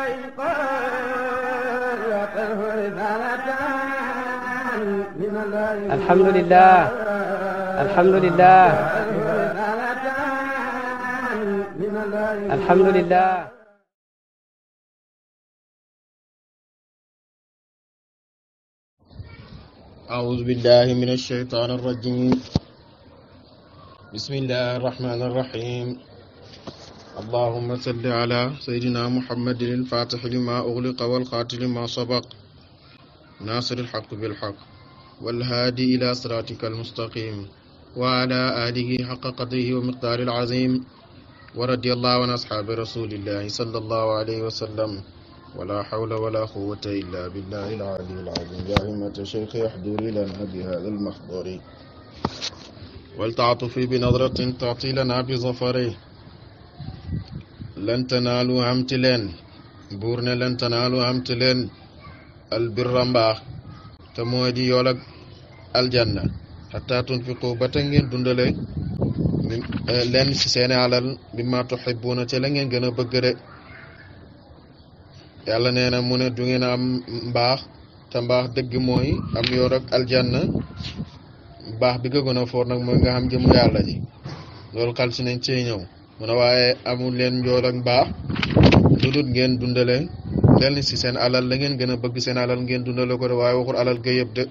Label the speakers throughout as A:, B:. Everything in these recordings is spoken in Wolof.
A: وإن قالته رسالتان من الله الحمد لله الحمد لله الحمد لله أعوذ بالله من الشيطان الرجيم بسم الله الرحمن الرحيم اللهم صل على سيدنا محمد الفاتح لما أغلق والخاتم لما سبق ناصر الحق بالحق والهادي إلى صراطك المستقيم وعلى آله حق قدره ومقدار العظيم ورضي الله عن أصحاب رسول الله صلى الله عليه وسلم ولا حول ولا قوة إلا بالله العلي العظيم يا همة شيخ احضري لنا بهذا المحضر ولتعطفي بنظرة تعطي لنا بظفره lan am amti leen buur ne lan am amti leen albirra mbaax te mooy di yool ak aljanna xataa tunfiqu ba te ngeen dundale eh, leen ci seeni alal bi ma tuxibuuna te la ngeen gën a bëgg de yàlla nee na mu ne du ngeen am mbaax te mbaax dëgg mooy am yool ak aljanna mbaax bi nga a foor nag mooy nga xam jëm yàlla ji loolu xal si nañ cee ñëw mu ne waaye amul leen njool ak mbaax lu dul ngeen dundale lenn si seen alal la ngeen gën a bëgg seen alal ngeen dundale ko de waaye waxul alal ga de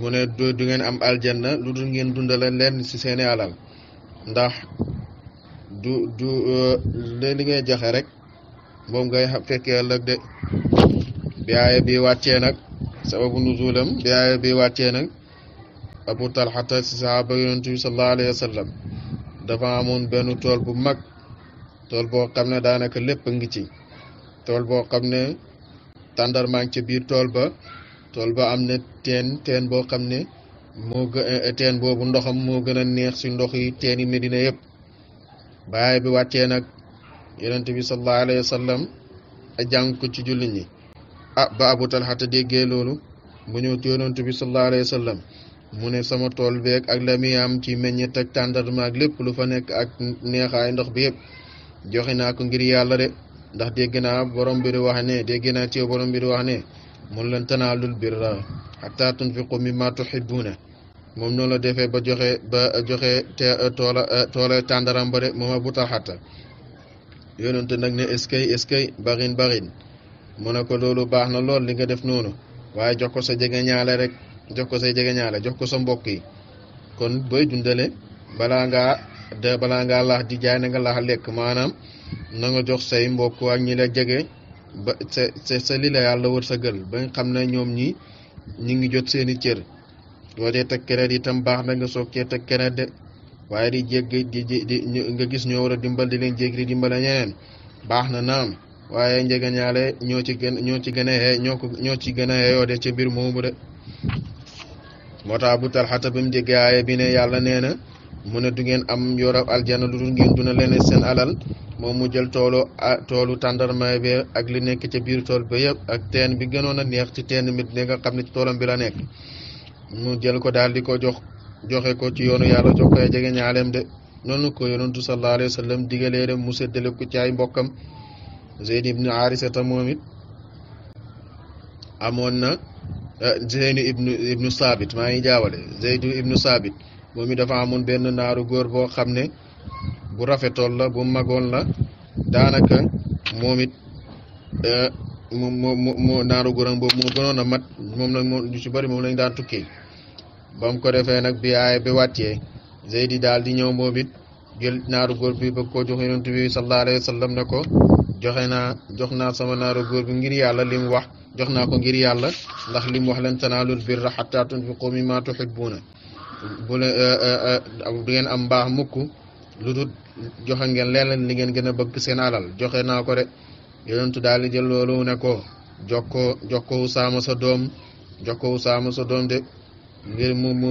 A: mu du ngeen am aljanna lu dul ngeen dundale lenn si seeni alal ndax du du euh, li ngay jaxe rek moom ngay fekkee ëllëg de bi bi wàccee nag sababu nuzulam bi aaya bi wàccee nag abu talxata si sahaaba yonent bi sallallahu dafa amoon benn tool bu mag tool boo xam ne daanaka lépp a ngi ci tool boo xam ne tàndarmaa ngi ca biir tool ba tool boo am ne teen teen boo xam ne moo gën eh, teen boobu ndoxam moo gën a neex ci ndox yi teen yi Medina yëpp baaye bi wàccee nag yonent bi sallallahu alayhi wa sallam jàng ko ci julli ñi ah ba abu talxata déggee loolu mu ñëw ci yonent bi sallallahu alayhi wa mu ne sama tool beeg ak la muy am ci meññet ak tàndarma ak lépp lu fa nekk ak neexaay ndox bi yëpp joxe naa ko ngir yàlla de ndax de naa borom bi wax ne dégg naa ci borom bi di wax ne mun lan tanaalul birra xataa tunfiqu mimma tuhibbuuna moom noonu la defee ba joxe ba joxe te toola toola tàndaram ba de mooma bu taxata yonente nag ne eskay eskay baxin baxin mu ne ko loolu baax na lool li nga def noonu waaye jox ko sa jege ñaale rek jox ko say jegeñaale jox ko sa mbokk yi kon booy dundale balaa ngaa balaa ngaa laax di jaay na nga laax lekk maanaam na nga jox say mbokk ak ñi la jege ba sa sa sa yàlla wër sa gël ba nga xam ne ñoom ñi ñu ngi jot seeni cër boo dee teg keneen itam baax na nga soog cee teg keneen waaye di jégg di di nga gis ñoo war dimbal di leen jégg di dimbale ñeneen baax na naam waaye njëgañaale ñoo ci gën ñoo ci gën a ñoo ko ñoo ci gën a yeyoo de ci mbir moomu de moo tax bu talxata ba mu déggee bi ne yàlla nee na mu ne du ngeen am yor aljana lu dul ngeen duna leen seen alal moom mu jël toolu toolu tàndarma bi ak li nekk ca biir tool ba yëpp ak teen bi gënoon a neex ci teen mit ne nga xam ne ci toolam bi la nekk mu jël ko daal di ko jox joxe ko ci yoonu yàlla jox koy jege ñaaleem de noonu ko yonentu sallallahu alayhi wa sallam mu séddale ko ci ay mbokkam Zeyd ibn Haarisa moom amoon na Eh, Zeynu ibnu ibnu Saabit maa ngi jaawale Zeydu ibnu Saabit moom it dafa amoon benn naaru góor boo xam ne bu rafetoon la bu magoon la daanaka moom it eh, moom moo moo naaru góoram boobu moo gënoon a mat moom la moom lu ci bëri moom lañ daan tukkee ba ko defee nag bi aaya bi wàccee Zeydi daal di ñëw moom it jël naaru góor bi bëgg koo jox yonent bi sallallahu alayhi ne ko. joxe naa jox naa sama naaru góor bi ngir yàlla li wax jox naa ko ngir yàlla ndax li mu wax lan tanaalul birra xattaa tunfiqu mimmaa tuhibbuuna bu le euh, euh, euh, du ngeen am mbaax mukk lu dul joxe ngeen leen li ngeen gën a bëgg seen alal joxe naa ko de yonentu daal di jël loolu ne ko jox ko jox ko Usaama sa doom jox ko Usaama sa doom de ngir mu mu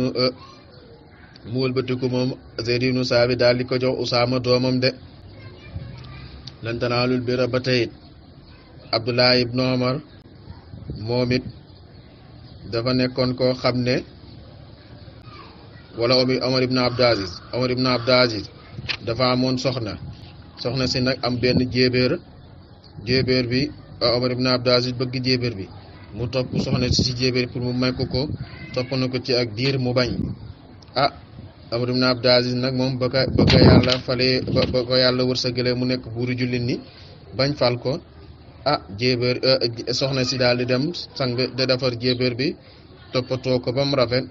A: mu wëlbatiku moom Zayd ibnu Saabit daal di ko jox Usaama doomam de lan tanaalul birra ba tey Abdullah ibnu Omar moom it dafa nekkoon koo xam ne wala Omar ibnu Abdul Aziz Omar ibnu Abdul Aziz dafa amoon soxna soxna si nag am benn jéebéer jéebéer bi euh, Omar ibnu Abdul Aziz bëgg jéebéer bi mu topp soxna si si jéebéer pour mu may ko ko topp na ko ci ak diir mu bañ ah, Amr ibn Abdul Aziz nag moom ba ka ba ko yàlla falee ba ko yàlla wërsëgalee mu nekk buur jullit ni bañ fal ko ah jéebéer euh, soxna si daal di dem sang da defar jéebéer bi toppatoo ko ba mu rafet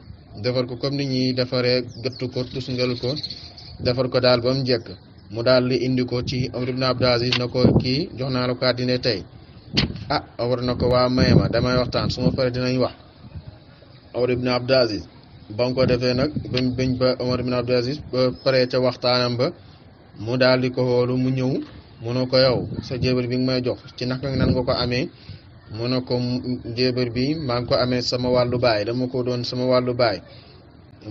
A: defar ko comme ni ñuy defaree gëttu ko tusngal ko defar ko daal ba mu njëkk mu daal di indi ko ci Amr ibn Abdul Aziz na ko kii jox naa la ko àddina tey ah war na ko waa may ma damay waxtaan su paree dinañ wax Amr ibn Abdul Aziz ba ko defee nag bañ bañ ba Omar bin Abdul Aziz ca waxtaanam ba mu daal di ko mu ñëw mu ne ko yow sa jébbal bi nga may jox ci naka nan nga ko amee mu ne ko jébbal bi maa ngi ko amee sama wàllu baay dama ko doon sama wàllu baay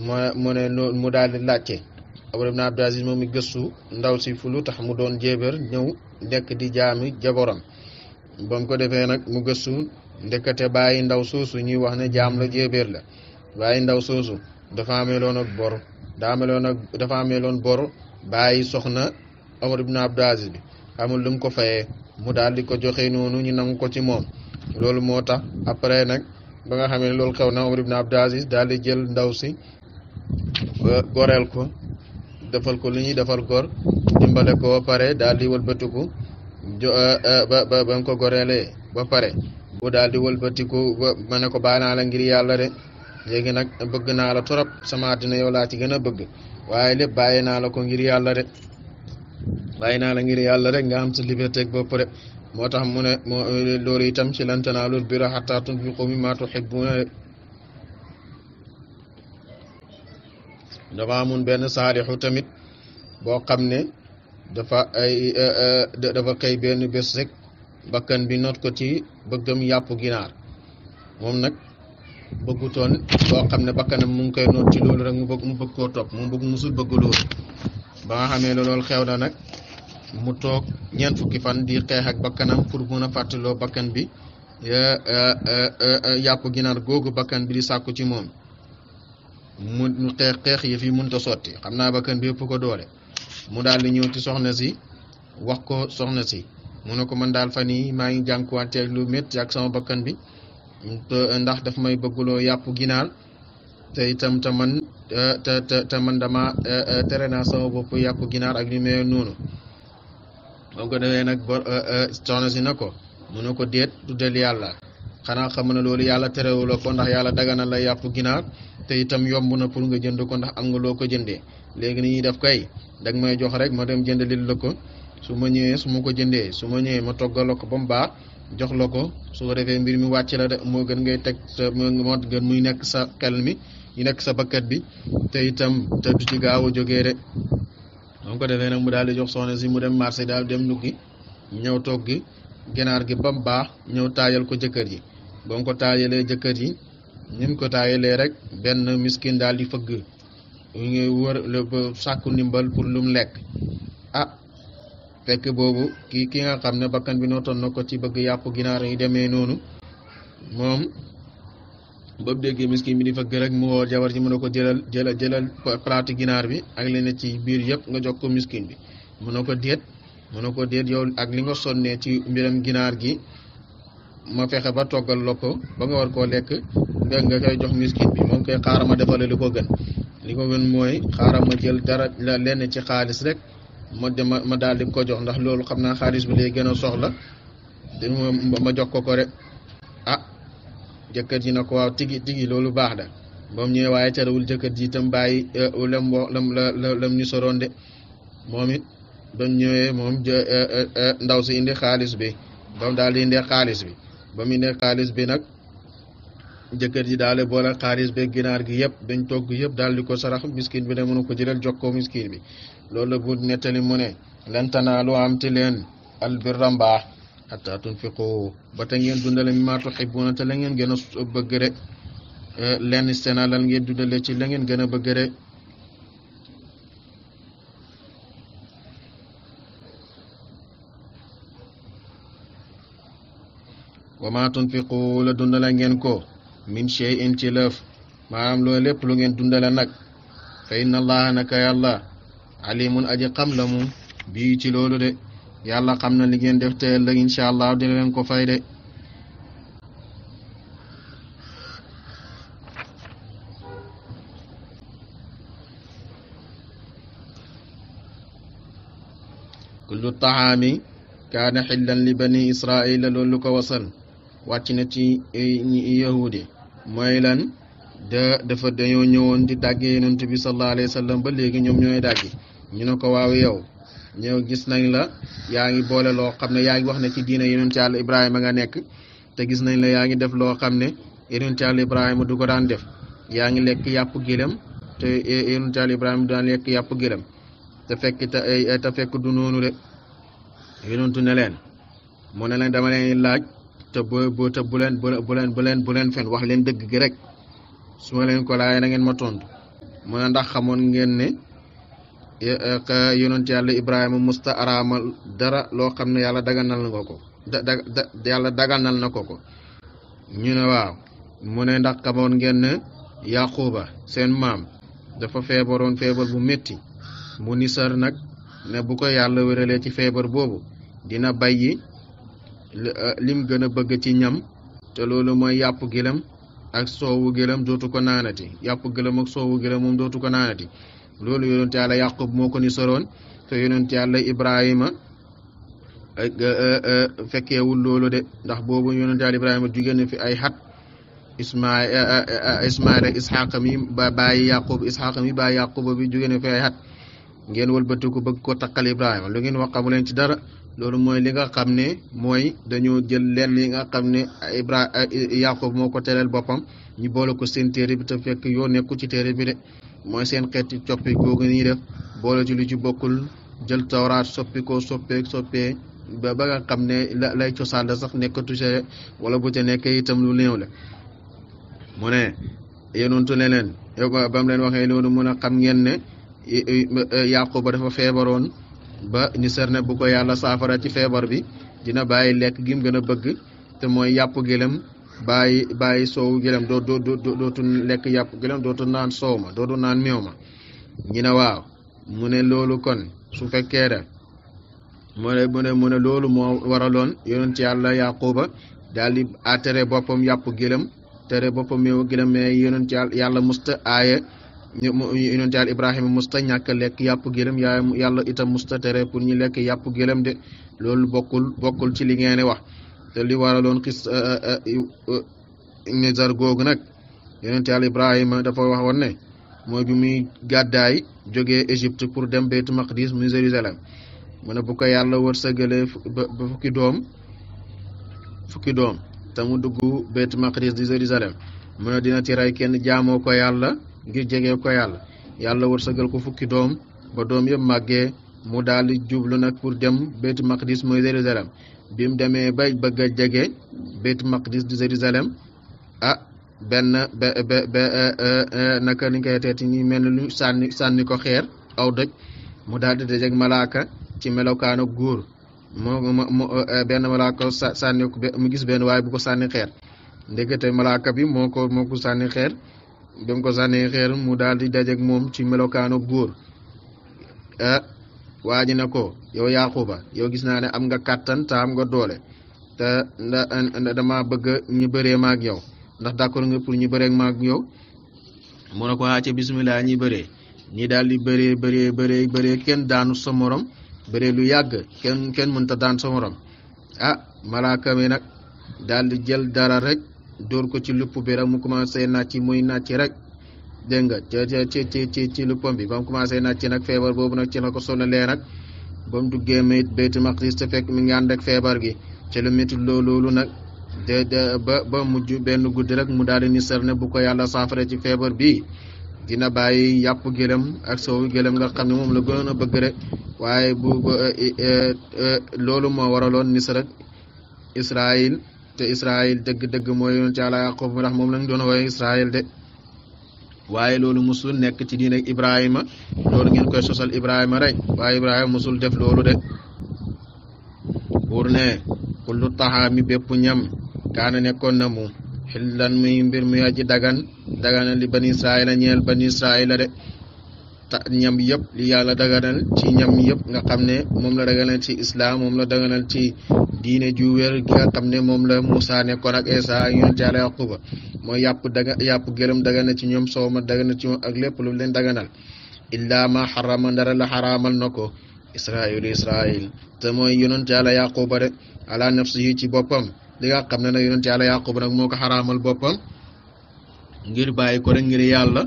A: mu mu ne mu daal di laajte Omar bin Abdul Aziz gëstu ndaw si fu lu tax mu doon jébbal ñëw nekk di jaami jaborom ba ko defee nag mu gëstu ndekkate bàyyi ndaw soosu ñuy wax ne jaam la jébbal la. waaye ndaw soosu dafa ameeloon ak bor daa ameeloon ak dafa amee ameeloon bor bàyyi soxna Omar ibn Abdul Aziz bi amul lu ko fayee mu daal di ko joxe noonu ñu nangu ko ci moom loolu moo tax après nag ba nga xamee ne loolu xew na Omar ibn Abdul Aziz daal di jël ndaw si goreel ko defal ko li ñuy defal gor dimbale ko ba pare daal di wëlbatiku jo eh, eh, ba ba ba ko goreelee ba pare bu daal di wëlbatiku ba ma ne ko baanaa ngir yàlla de léegi nag bëgg naa la trop sama àddina yow laa ci gën a bëgg waaye lépp bàyyi naa la ko ngir yàlla de bàyyi naa la ngir yàlla rek nga am sa liberté ak bopp de moo tax mu ne moo loolu itam ci lan tanaalul birra hattaa tunfiqu mimmaa tuhibbuuna dafa amoon benn saalixu tamit boo xam ne dafa ay eh, eh, dafa xëy benn bés rek bakkan bi noot ko ci bëggam yàpp ginaar moom nag bëggutoon boo xam ne bakkanam mu ngi koy noot ci loolu rek mu bëgg mu bëgg koo topp mu bëgg musul bëgg loolu ba nga xamee ne loolu xew na nag mu toog ñeent fukki fan di xeex ak bakkanam pour mun a fàttaloo bakkan bi yàpp ginaar googu bakkan bi di sàkku ci moom mu xeex yi fi sotti xam naa bakkan bi yëpp ko doole mu daal di ñëw ci soxna si wax ko soxna si mu ne ko man daal fan yii maa ngi jànkuwanteeg lu métti ak sama bakkan bi. ndax daf may bëgguloo yàpp ginaar te itam te man te te te man dama e, e, tere naa sama bopp yàpp ginaar ak li mel noonu boo ko defee nag ba e, soxna si na ko mun ne ko deet du del yàlla xanaa xam na loolu yàlla terewu la ko ndax yàlla dagana la yàpp ginaar te itam yomb na pour nga jënd ko ndax am nga loo ko jëndee léegi ni ñuy def kay dag may jox rek ma dem jënd jëndalil la ko su ma ñëwee su ma ko jëndee su ma ñëwee ma toggal ko ba mu baax jox la ko su ko defee mbir mi wàcc la de moo gën ngay teg sa moo gën muy nekk sa xel mi ñu nekk sa bakkat bi te itam te du ci gaaw a jógee de moom ko defee nag mu daal di jox soxna si mu dem marché daal dem nduggi ñëw togg gi ginaar gi ba mu baax ñëw taajal ko jëkkër ji ba mu ko taajalee jëkkër ji ni ko taajalee rek benn miskin daal di fëgg ñu ngi wër sàkku ndimbal pour lu lekk ah, fekk boobu kii ki nga xam ne bakkan bi nootoon na ko ci bëgg yàpp ginaar yi demee noonu moom ba mu déggee miskin bi di fëgg rek mu woo jabar ji mu ne ko jëlal jëlal jëlal palaati ginaar bi ak lenn ci biir yëpp nga jox ko miskin bi mu ne ko déet mu ne ko déet yow ak li nga sonnee ci mbiram ginaar gi ma fexe ba toggal la ko ba nga war koo lekk nga nga jox miskin bi moom koy xaaral ma defale lu ko gën li ko gën mooy xaaral ma jël dara lenn ci xaalis rek ma ma ma daal di ko jox ndax loolu xam naa xaalis bi lay gën a soxla di ma jox ko ko rek ah jëkkër ji na ko waaw tigi tigi loolu baax da moom ñëwee jëkkër ji bàyyi euh, lam lam la lam ñu soroon de moom it ba ñëwee euh, euh, ndaw si indi xaalis bi ba mu daal di indee xaalis bi ba mu indee xaalis bi nag jëkkër ji daal di boole xaalis bi ginaar gi yëpp dañ togg yëpp daal di ko sarax miskin bi mën mënu ko jëlal jox ko miskin bi loolu la bu nettali mu ne lan tanaalu amti leen albirra mbaax xataa tunfiqu ngeen dundale mimmaa tuhibbuuna te la ngeen gën a bëgg eh, lenn istena lan ngeen dundale ci la ngeen gën a bëgg de wa maa tunfiqu la dundale ngeen ko min shay'in ci lëf maanaam loolu lépp lu ngeen dundale nag fa inna allaha naka yàlla alimun aji xam la mu bii ci loolu de yàlla xam na li ngeen def te ëllëg incha allah dina leen ko fay de kullu taxaami kaana xillan li bani israila loolu ko wasal wàcc na ci yahudi mooy lan da dafa dañoo ñëwoon di dàggee yonent bi sallallahu alayhi wa sallam ba léegi ñoom ñooy dàggi ñu ne ko waaw yow ñëw gis nañ la yaa ngi boole loo xam ne yaa ngi wax ne ci diine yonent yàlla a nga nekk te gis nañ la yaa ngi def loo xam ne yonent yàlla Ibrahima du ko daan def yaa ngi lekk yàpp gëlëm te yonent yàlla Ibrahima du daan lekk yàpp gëlëm te fekk te fekk du noonu de yonentu ne leen mu ne leen dama leen laaj te bu te bu leen leen leen bu leen fen wax leen dëgg gi rek su leen ko laajee na ngeen ma tontu mu ndax xamoon ngeen ne. E, yonent yàlla Ibrahima musta araamal dara loo xam ne yàlla daganal na ko ko yàlla daganal na ko ko ñu ne waaw mu ne ndax xamoon ngeen ne Yaquba seen maam dafa feebaroon feebar bu metti mu nisar nag ne bu ko yàlla wéralee ci feebar boobu dina bay bàyyi e, lim gën a bëgg ci ñam te loolu mooy yàpp gëlëm ak soowu gëlëm dootu ko naanati yàpp gëlëm ak soowu gëlëm moom dootu ko naanati loolu yonent yàlla yaqub moo ko ni soroon te yonent yàlla ibrahima euh, euh, fekkeewul loolu de ndax boobu yonent yàlla ibrahima jugee na fi ay xat isma euh, ismaila isxaqa mi ba bàyyi yaqub isxaqa mi bàyyi yaquba bi jugee na fi ay xat ngeen wëlbatiku bëgg ko takkal ibrahima lu ngeen wax xamu leen ci dara loolu mooy li nga xam ne mooy dañoo jël lenn li nga xam ne ibra yaqub moo ko tereel boppam ñu boole ko seen téere bi te fekk yoo nekku ci téere bi de mooy seen xeeti coppi googu ñuy def boole ci lu ci bokkul jël tawraat soppi ko soppee soppee ba ba nga xam ne lay cosaan la sax nekkatu ca wala bu ca nekkee itam lu néew la mu ne yonuntu ne leen bam leen waxee loolu mën a xam ngeen ne e, ba dafa feebaroon ba ni ser ne bu ko yàlla saafara ci feebar bi dina bàyyi lekk gim gën a bëgg te mooy yàpp gëlëm bàyyi bàyyi soowu gëlëm doo doo dootu lekk yàpp gëlëm dootu naan soow ma dootu naan meew ma ñu ne waaw mu ne loolu kon su fekkee da mu ne mu ne mu ne loolu moo waraloon yonent yàlla yaquba daal di tere boppam yàpp gëlëm tere boppam meew gëlëm mais yonent yàlla musta aaya yonent yàlla ibrahima musta ñàkk lekk yàpp gëlëm yaay yàlla itam musta tere pour ñu lekk yàpp gëlëm de loolu bokkul bokkul ci li ngeen wax te li waraloon xis eh, eh, eh, nizar googu nag yonent yàlla Ibrahima dafa wax woon ne mooy bi muy gàddaay jóge Égypte pour dem Beytu Maqdis muy Jérusalem mu ne bu ko yàlla wërsëgalee ba fukki doom fukki doom te mu dugg Beytu Maqdis di Jérusalem mu ne dina ci rey kenn jaamoo ko yàlla ngir jegee ko yàlla yàlla wërsëgal ko fukki doom ba doom yëpp màggee mu daal di jublu nag pour dem Beytu Maqdis mooy Jérusalem bi mu demee ba bëgg a jege baytu maqdis du Jérusalem ah benn be be eh, eh, eh, naka li ñu koy teeti ñi mel ni lu sànni sànni ko xeer aw doj mu daal di dajeeg malaaka ci melokaanu góor moo mu benn malaaka sànni ko mu gis benn waaye bu ko sànni xeer ndekete malaaka bi moo ko moo sànni xeer ba mu ko sànni xeer mu daal di dajeeg moom ci melokaanu góor ah waa ji ne ko yow Yaquba yow gis naa ne am nga kàttan te am nga doole te nda dama bëgg ñi bëree maag yow ndax d'accord nga pour ñu bëree maag yow mu ne ko aaca bismillah ñi bëree ñi daal di bëree bëree bëree kenn daanu sa morom bëree lu yàgg kenn kenn mën mënta daan sa morom ah malaaka nag daal di jël dara rek dóor ko ci lupp bi rek mu commencé nàcc muy nàcc rek dégg nga ci ci ci ci lu pom bi ba mu commencé nag ci nag feebar boobu na ci la ko sonalee nag ba mu duggee mayit Baytul Maqdis te fekk ngi ànd feebar gi ci lu métti loolu nag ba ba mujj benn guddi rek mu daal di nisar ne bu ko yàlla saafara ci feebar bi dina bàyyi yàpp gëlëm ak soowu gëlëm nga xam ne moom la gënoon a bëgg rek waaye bu e, e, e, loolu moo waraloon nisar ak Israaïl te Israaïl dëgg-dëgg mooy yoon ci àlla Yaqub ndax moom lañ doon woowee Israaïl de. waaye loolu musul nekk ci diine Ibrahima loolu ngeen koy sosal Ibrahima rek waaye Ibrahima musul def loolu de pour ne kullu taxaami bépp ñam kaana nekkoon na mu xillan muy mbir muy aji dagan dagana li bani Israayila ñeel bani Israayila de ñam yëpp li yàlla daganal ci ñam yëpp nga xam ne moom la daganal ci islam moom la daganal ci diine ju wér gi nga xam ne moom la Moussa nekkoon ak Esa ak yonent yàlla Yaquba mooy yàpp daga yàpp gëlëm ci ñoom soow ma dagana ci ñoom ak lépp lu leen daganal illaa ma xarama ndara la xaraamal na ko israil israil te mooy yonent yàlla Yaquba de ala nafsihi ci boppam li nga xam ne nag yonent yàlla Yaquba nag moo ko xaraamal boppam ngir bàyyi ko rek ngir yàlla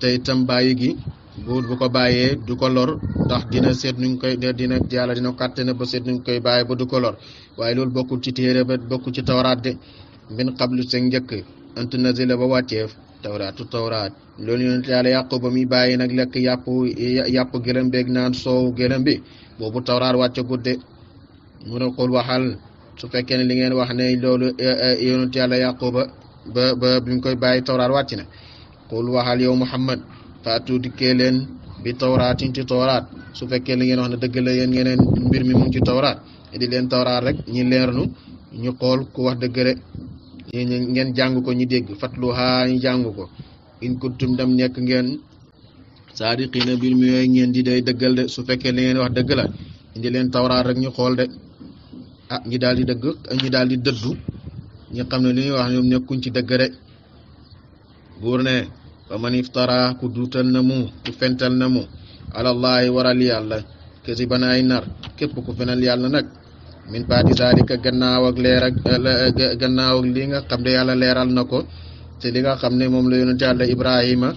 A: te itam bàyyi gi buur bu ko bàyyee du ko lor ndax dina seet nuñ koy dina yàlla dina kàttane ba seet nuñ koy bàyyee ba du ko lor waaye lool bokkul ci téere ba bokkul ci tawraat de min qablu seen njëkk ant nazila ba wàcceef tawraatu tawraat lool yonent yàlla yàqu ba muy bàyyi nag lekk yàpp yàpp gëlëm beeg naan soow gëlëm bi boobu tawraat wàcce gudde mu ne xul waxal su fekkee ne li ngeen wax ne loolu eh, eh, yonent yàlla yàqu ba ba ba bi koy bàyyi tawraat wàcc na xul waxal Muhammad faatu dikkee leen bi tawraatin ci tawraat su fekkee li ngeen wax ne dëgg la yéen ngeeneen mbir mi mu ci tawraat di leen tawraat rek ñi leerlu ñu xool ku wax dëgg rek ngeen jàng ko ñi dégg fatluhaa ñu jàng ko in kuntum dem nekk ngeen saadiqiina mbir mi yooyu ngeen di day dëggal su fekkee li ngeen wax dëgg la indi leen tawraat rek ñu xool de ah ñi daal di dëgg ñi daal di dëddu ñi xam ne li ñuy wax ñoom nekkuñ ci dëgg rek buur ne fa man iftara ku duutal na mu ku fental na mu alallahi waral yàlla kësi banaay nar képp ku fenal yàlla nag min baadi zalika gannaaw ak leer ak gannaaw ak li nga xam ne yàlla leeral na ko te li nga xam ne moom la yonent yàlla ibrahima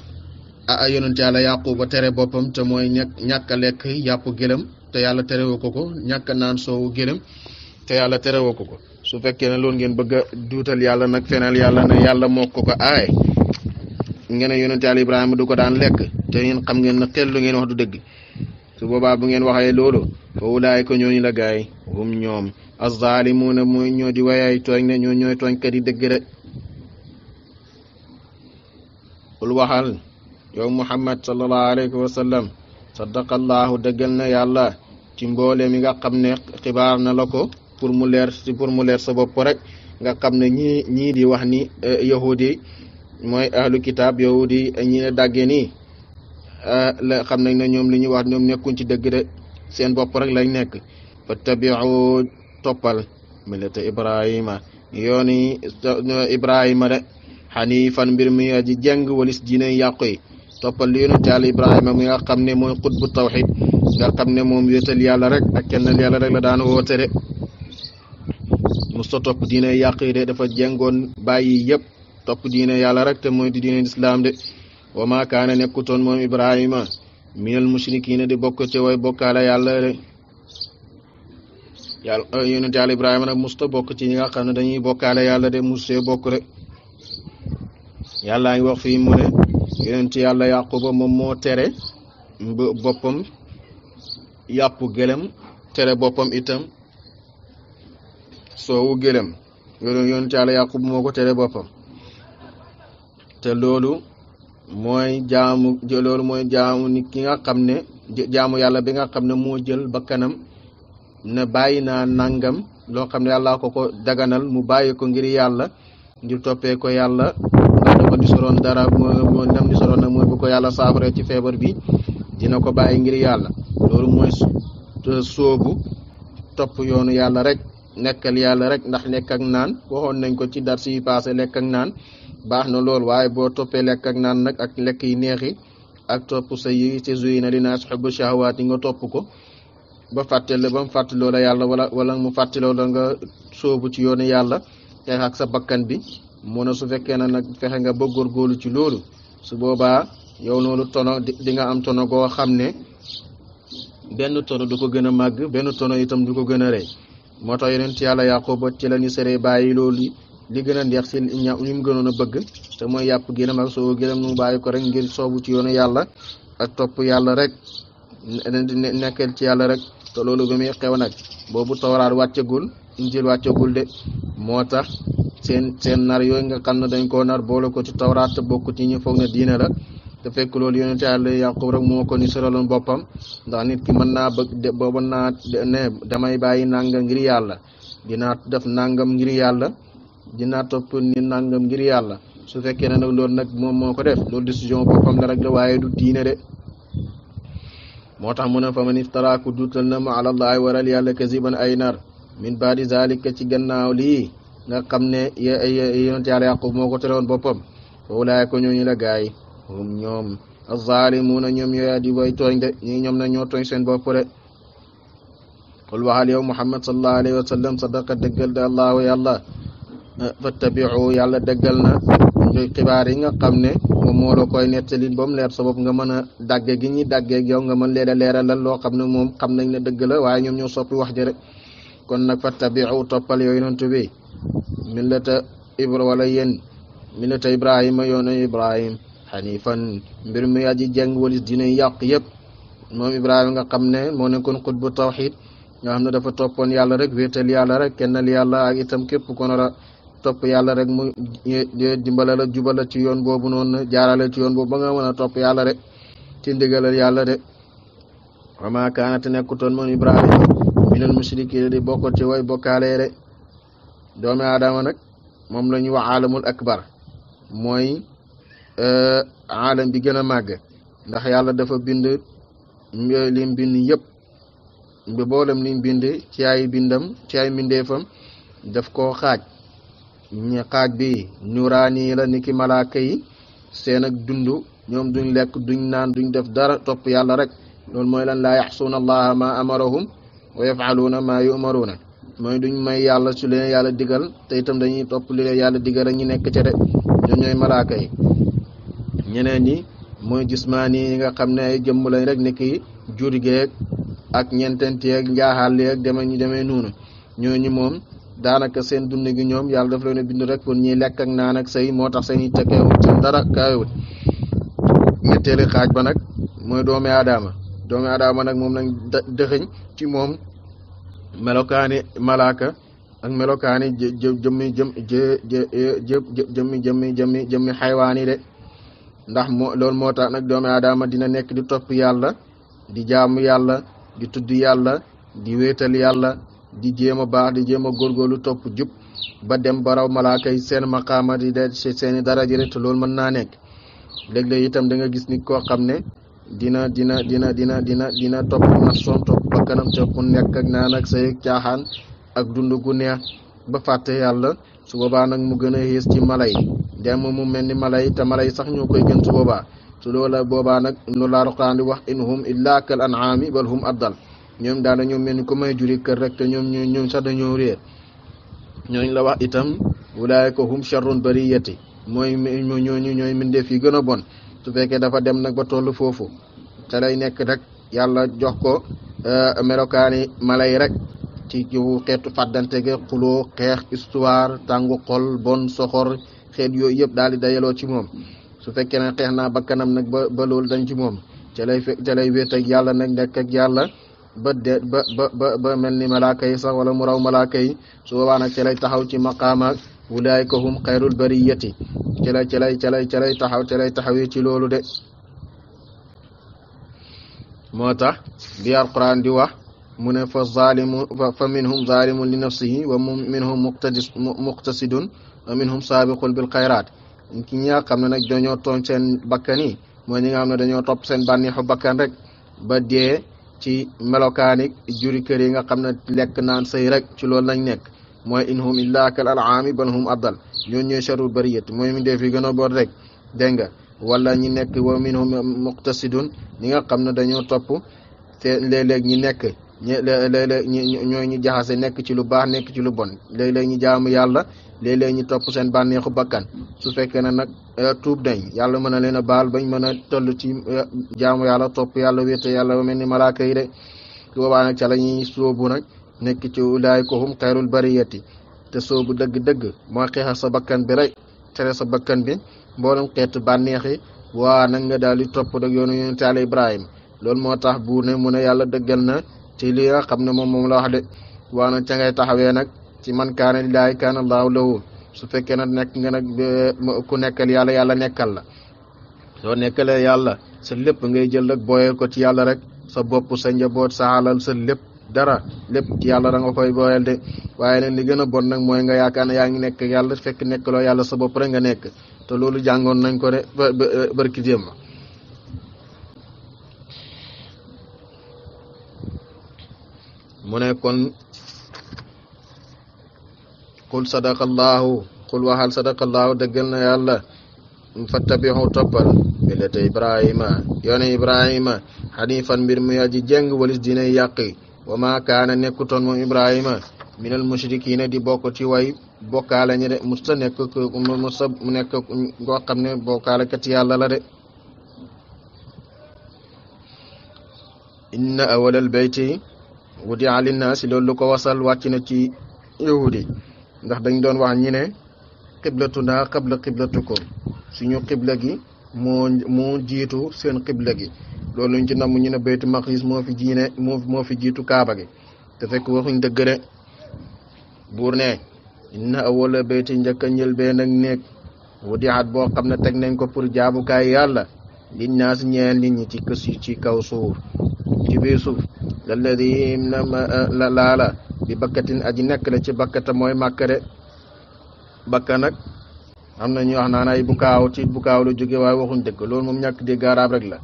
A: a yonent yàlla yaquba tere boppam te mooy ñàkk ñàkk lekk yàpp gëlëm te yàlla terewoo ko ko ñàkk naan soowu gëlëm te yàlla terewoo ko ko su fekkee ne loolu ngeen bëgg duutal yàlla nag fenal yàlla moo ko ko aaye nga ne yonent Yàlla Ibrahima du ko daan lekk te ngeen xam ngeen na xel lu ngeen wax du dëgg su boobaa bu ngeen waxee loolu fa wulaay ko ñooñu la gaay hum ñoom azaalimuuna mooy ñoo di wayaay tooñ ne ñoo ñooy tooñkat yi dëgg de ul waxal yow muhammad sallallahu alayhi wa sallam saddaqallaahu dëggal na yàlla ci mboole mi nga xam ne xibaar na la ko pour mu leer pour mu leer sa bopp rek nga xam ne ñii di wax ni eh, yahudi mooy ahlu kitaab yow di ñi daggee dàggee nii ah, la xam nañ na ñoom li ñuy wax ñoom nekkuñ ci dëgg de seen bopp rek lay nekk fa tabiu toppal millata ibrahima yooni ibrahima de xanifan mbir mi aji jeng walis diine yàqu yi toppal li yonent yàlla ibrahima mi nga xam ne mooy xutbu tawxid nga xam ne moom wéetal yàlla rek ak kennal yàlla rek la daan woote de mu sa topp diine yàq yi de dafa jengoon bàyyi yëpp topp diine yàlla rek te di diine lislaam de wa maa kaana nekkutoon moom ibrahima minal mushrikiina di bokk ci way bokkaale yàlla de yàlla eh, yonent yàlla ibrahima nag musta bokk ci nga xam ne dañuy bokkaale yàlla de mustee bokk rek yàllaa ngi wax fii mu ne yonent yàlla yàquba moom moo tere boppam yàpp gëlem tere boppam itam soowu gëlem yonent yàlla yàquba moo ko tere boppam te loolu mooy jaamu loolu mooy jaamu nit ki nga xam ne jaamu yàlla bi nga xam ne moo jël bakkanam ne bàyyi na nangam loo xam ne yàllaa ko ko daganal mu bàyyi ko ngir yàlla ngir toppee ko yàlla ndax dafa di ko yàlla saafara ci feebar bi dina ko bàyyi ngir yàlla loolu mooy soobu topp yoonu yàlla rek nekkal yàlla rek ndax lekk ak naan waxoon nañ ko ci dar si paase nekk ak naan baax na lool waaye boo toppee lekk ak naan nag ak lekk yi neexi ak topp sa yi te zuy na dinaa soxbu shahawaat yi nga topp ko ba fàtte la ba mu fàtte loola yàlla wala wala mu fàtte loola nga soobu ci yoonu yàlla xeex ak sa bakkan bi mu ne su fekkee ne nag fexe nga ba góorlu ci loolu su boobaa yow noonu tono di nga am tono goo xam ne benn tono du ko gën a màgg benn tono itam du ko gën a rey moo tax yonent yàlla Yaquba ci la ñu bàyyi li gën a neex si iñaa li mu gënoon a bëgg te mooy yàpp gëlëm ak soo gëlëm mu bàyyi ko rek ngir soobu ci yoonu yàlla ak topp yàlla rek nekkal ci yàlla rek te loolu bi xew nag boobu tawraat wàccagul injil wàccagul de moo tax seen seen nar yooyu nga xam ne dañ koo nar boole ko ci tawraat te bokk ci ñu foog na diine la te fekk loolu yonente yàlla yàqub rek moo ko ni boppam ndax nit ki naa bëgg booba naa damay bàyyi nangam ngir yàlla dinaa def nàngam ngir yàlla dinaa topp ni nangam ngir yàlla su fekkee ne nag loolu nag moom moo ko def loolu décision boppam la rek du diine de moo tax mu ne fa man iftaraaku duutal na ma alallahi waral yàlla kasiban ay nar min baadi zalika ci gannaaw lii nga xam ne yonent yàlla yàqub moo ko tere woon boppam foofu laay ko ñooñu la gaay hum ñoom azalimuuna ñoom na ñooto seen bopp de qul waxal yow muhammad sallallahu alayhi wa sallam sadaqa dëggal de yàlla Ah, fattabiu yàlla dëggal na ñuy xibaar yi nga xam ne moom moo la koy nettali ba mu leer sa bopp nga mën a dàgge gi ñuy dàggeeg yow nga mën leen a leeral lan loo xam ne moom xam nañ ne dëgg la waaye ñoom ñoo soppi wax ji rek kon nag fattabiu toppal yooyu yonent bi millata ibra wala yéen millata ibrahima yoonu ibrahim xanifan mbir mi aji jeng walis dinay yàq yëpp moom ibrahima nga xam ne moo nekkoon xutbu tawxid nga xam ne dafa toppoon yàlla rek wéetal yàlla rek kennal yàlla ak itam képp ko topp yàlla rek mu dimbala la jubala ci yoon boobu noonu jaarale ci yoon boobu ba nga mën a topp yàlla rek ci ndigalal yàlla de wa maa kaanate nekkutoon moom ibrahima minal musrikiin di bokkoon ci way bokkaalee de doomi aadama nag moom la ñuy wax aalamul akbar mooy euh, aalam bi gën a màgg yàlla dafa bind lim bind yëpp mboolem lim bind ci bindam ci ay mbindeefam daf xaaj ñi xaaj bi nuraani la niki malaaka yi seen ak dund ñoom duñ lekk duñ naan duñ def dara topp yàlla rek loolu mooy lan laa yaxsuuna allaha ma amarahum wa yafaluuna maa yumaruuna mooy duñ may yàlla su leen yàlla digal te itam dañuy topp li leen yàlla digal ak ñu nekk ca de ñoom malaaka yi ñeneen ñi mooy jismaani yi nga xam ne ay jëmm lañ rek ni ki jur geeg ak ñeenteenti yeeg njaaxaal yeeg demee ñu demee noonu ñooñu moom daanaka seen dund gi ñoom yàlla daf le a bind rek pour ñuy lekk ak naan ak sëy moo tax sëy tekkeewut ci dara kaawut ñetteeli xaaj ba nag mooy doomi aadama doomi aadama nag moom lañ dëxëñ ci moom melokaani malaaka ak melokaani jë jëmmi jëm jë jëmmi jëmmi jëmmi jëmmi xaywaan yi de ndax moo loolu moo tax nag doomi aadama dina nekk di topp yàlla di jaamu yàlla di tudd yàlla di wéetal yàlla di jéem a baax di jéem a góorgóorlu topp jub ba dem ba raw malaaka yi seen maqaama di de seeni daraja rek te loolu mën naa nekk léeg-léeg itam da nga gis nit koo xam ne dina dina dina dina dina dina topp nafsoom topp bakkanam te ku nekk ak naan ak say caaxaan ak dund gu neex ba fàtte yàlla su boobaa nag mu gën a xiis ci mala yi dem mu mel ni mala yi te mala yi sax ñoo koy gën su boobaa su loola boobaa nag nu laa ruqaan wax in hum illa kal an'aami bal hum abdal ñoom daal dañoo mel ni ku may juri kër rek te ñoom ñoom sax dañoo réer ñooñ la wax itam wulaayka hum charrun bariyati mooy ñooñu ñooy de fii gën a bon su fekkee dafa dem nag ba toll foofu te lay nekk rek yàlla jox ko euh, melokaani mala yi rek ci xeetu fàddante ge xeex histoire tàngu xol bon soxor xeet yooyu yëpp daal di dajaloo ci moom su fekkee ne xeex naa ba kanam nag ba ba dañ ci moom ca lay fe ca yàlla nag nekk yàlla ba de ba ba ba mel ni malaaka yi sax wala mu raw malaaka su boobaa nag taxaw ci maqaama wulaayka hum xayrul bariyati ci lay ci lay ci lay taxaw ci loolu de moo tax bi alquran di wax mu ne fa zalimu fa minhum zalimun li nafsihi wa minhum muqtadis muqtasidun wa minhum saabiqun bil xayraat ki ñi nga xam ne nag dañoo tooñ seen bakkan yi mooy ñi nga xam ne dañoo topp seen bànneexu bakkan rek ba dee ci melokaanik juri kër yi nga xam ne lekk naan sëy rek ci loolu lañ nekk mooy in hum illa kal alaami ban hum addal ñoon ñooy charul bariyat mooy mi def yi gën a boot rek dégg nga wala ñi nekk wa minhum muqtasidun ñi nga xam ne dañoo topp te ñi nekk ñe léeg-léeg ñu jaxase nekk ci lu baax nekk ci lu bon léeg-léeg ñu jaamu yàlla léeg-léeg ñu topp seen bànneexu bakkan su fekkee ne nag euh, tuub dañ yàlla mën a leen a baal bañ mën a toll ci euh, jaamu yàlla topp yàlla wéete yàlla ba mel ni malaaka yi de su boobaa nag ca la ñuy sóobu nag nekk ci ulaay ko hum bari bariyati te sóobu dëgg-dëgg moo xeexal sa bakkan bi rek tere sa bakkan bi mboolem xeetu bànneex yi waa nag nga daal di topp dag yoonu yonente Yàlla Ibrahima loolu moo tax buur ne mu ne yàlla dëggal na ci li nga xam ne moom moom la wax de waa nag ca ngay nag ci man kaana lillaahi kaana allaahu lahu su fekkee nag nekk nga nag ku nekkal yàlla yàlla nekkal la soo nekkalee yàlla sa lépp ngay jël rek booyee ko ci yàlla rek sa bopp sa njaboot sa alal sa lépp dara lépp ci yàlla da nga koy booyal de waaye nag li gën a bon nag mooy nga yaakaar ne yaa ngi nekk yàlla fekk nekkaloo yàlla sa bopp rek nga nekk te loolu jàngoon nañ ko de barki démb mu ne kon qul sadaqallahu qul waxal sadaqallahu na yàlla fattabihu toppal millata ibrahima yoone ibrahima hanifan mbir mu yaji jeng walis dinay yàqi wa ma kaana nekkutoon moom ibrahima minal mushrikina di bokk way bokkaale ñi musta nekk musta ne bokkaale kat yàlla la de inna awalal bayti wudi alinnaasi loolu lu ko wasal wàcc na ci yahudi ndax dañ doon wax ñi ne xiblatuna xabla ko suñu xibla gi moo moo jiitu seen xibla gi loolu ñu ci namm ñu ne baytu maqdis moo fi jiine moo fi jiitu kaaba gi te fekk waxuñ dëgg de buur ne inna awala njëkk a njëlbeen ak néeg wudiat boo xam ne teg nañ ko pour jaabukaay yàlla liñ naas ñeel nit ñi ci ci kaw suuf ci biir suuf lalladi na ma eh, la laala bi bakkatin aji nekk la ci bakkata mooy màkk de bakka nag am na ñu wax naan ay bu kaaw ci bu la jóge waaye waxuñ dëkk loolu moom ñàkk dégg araab rek la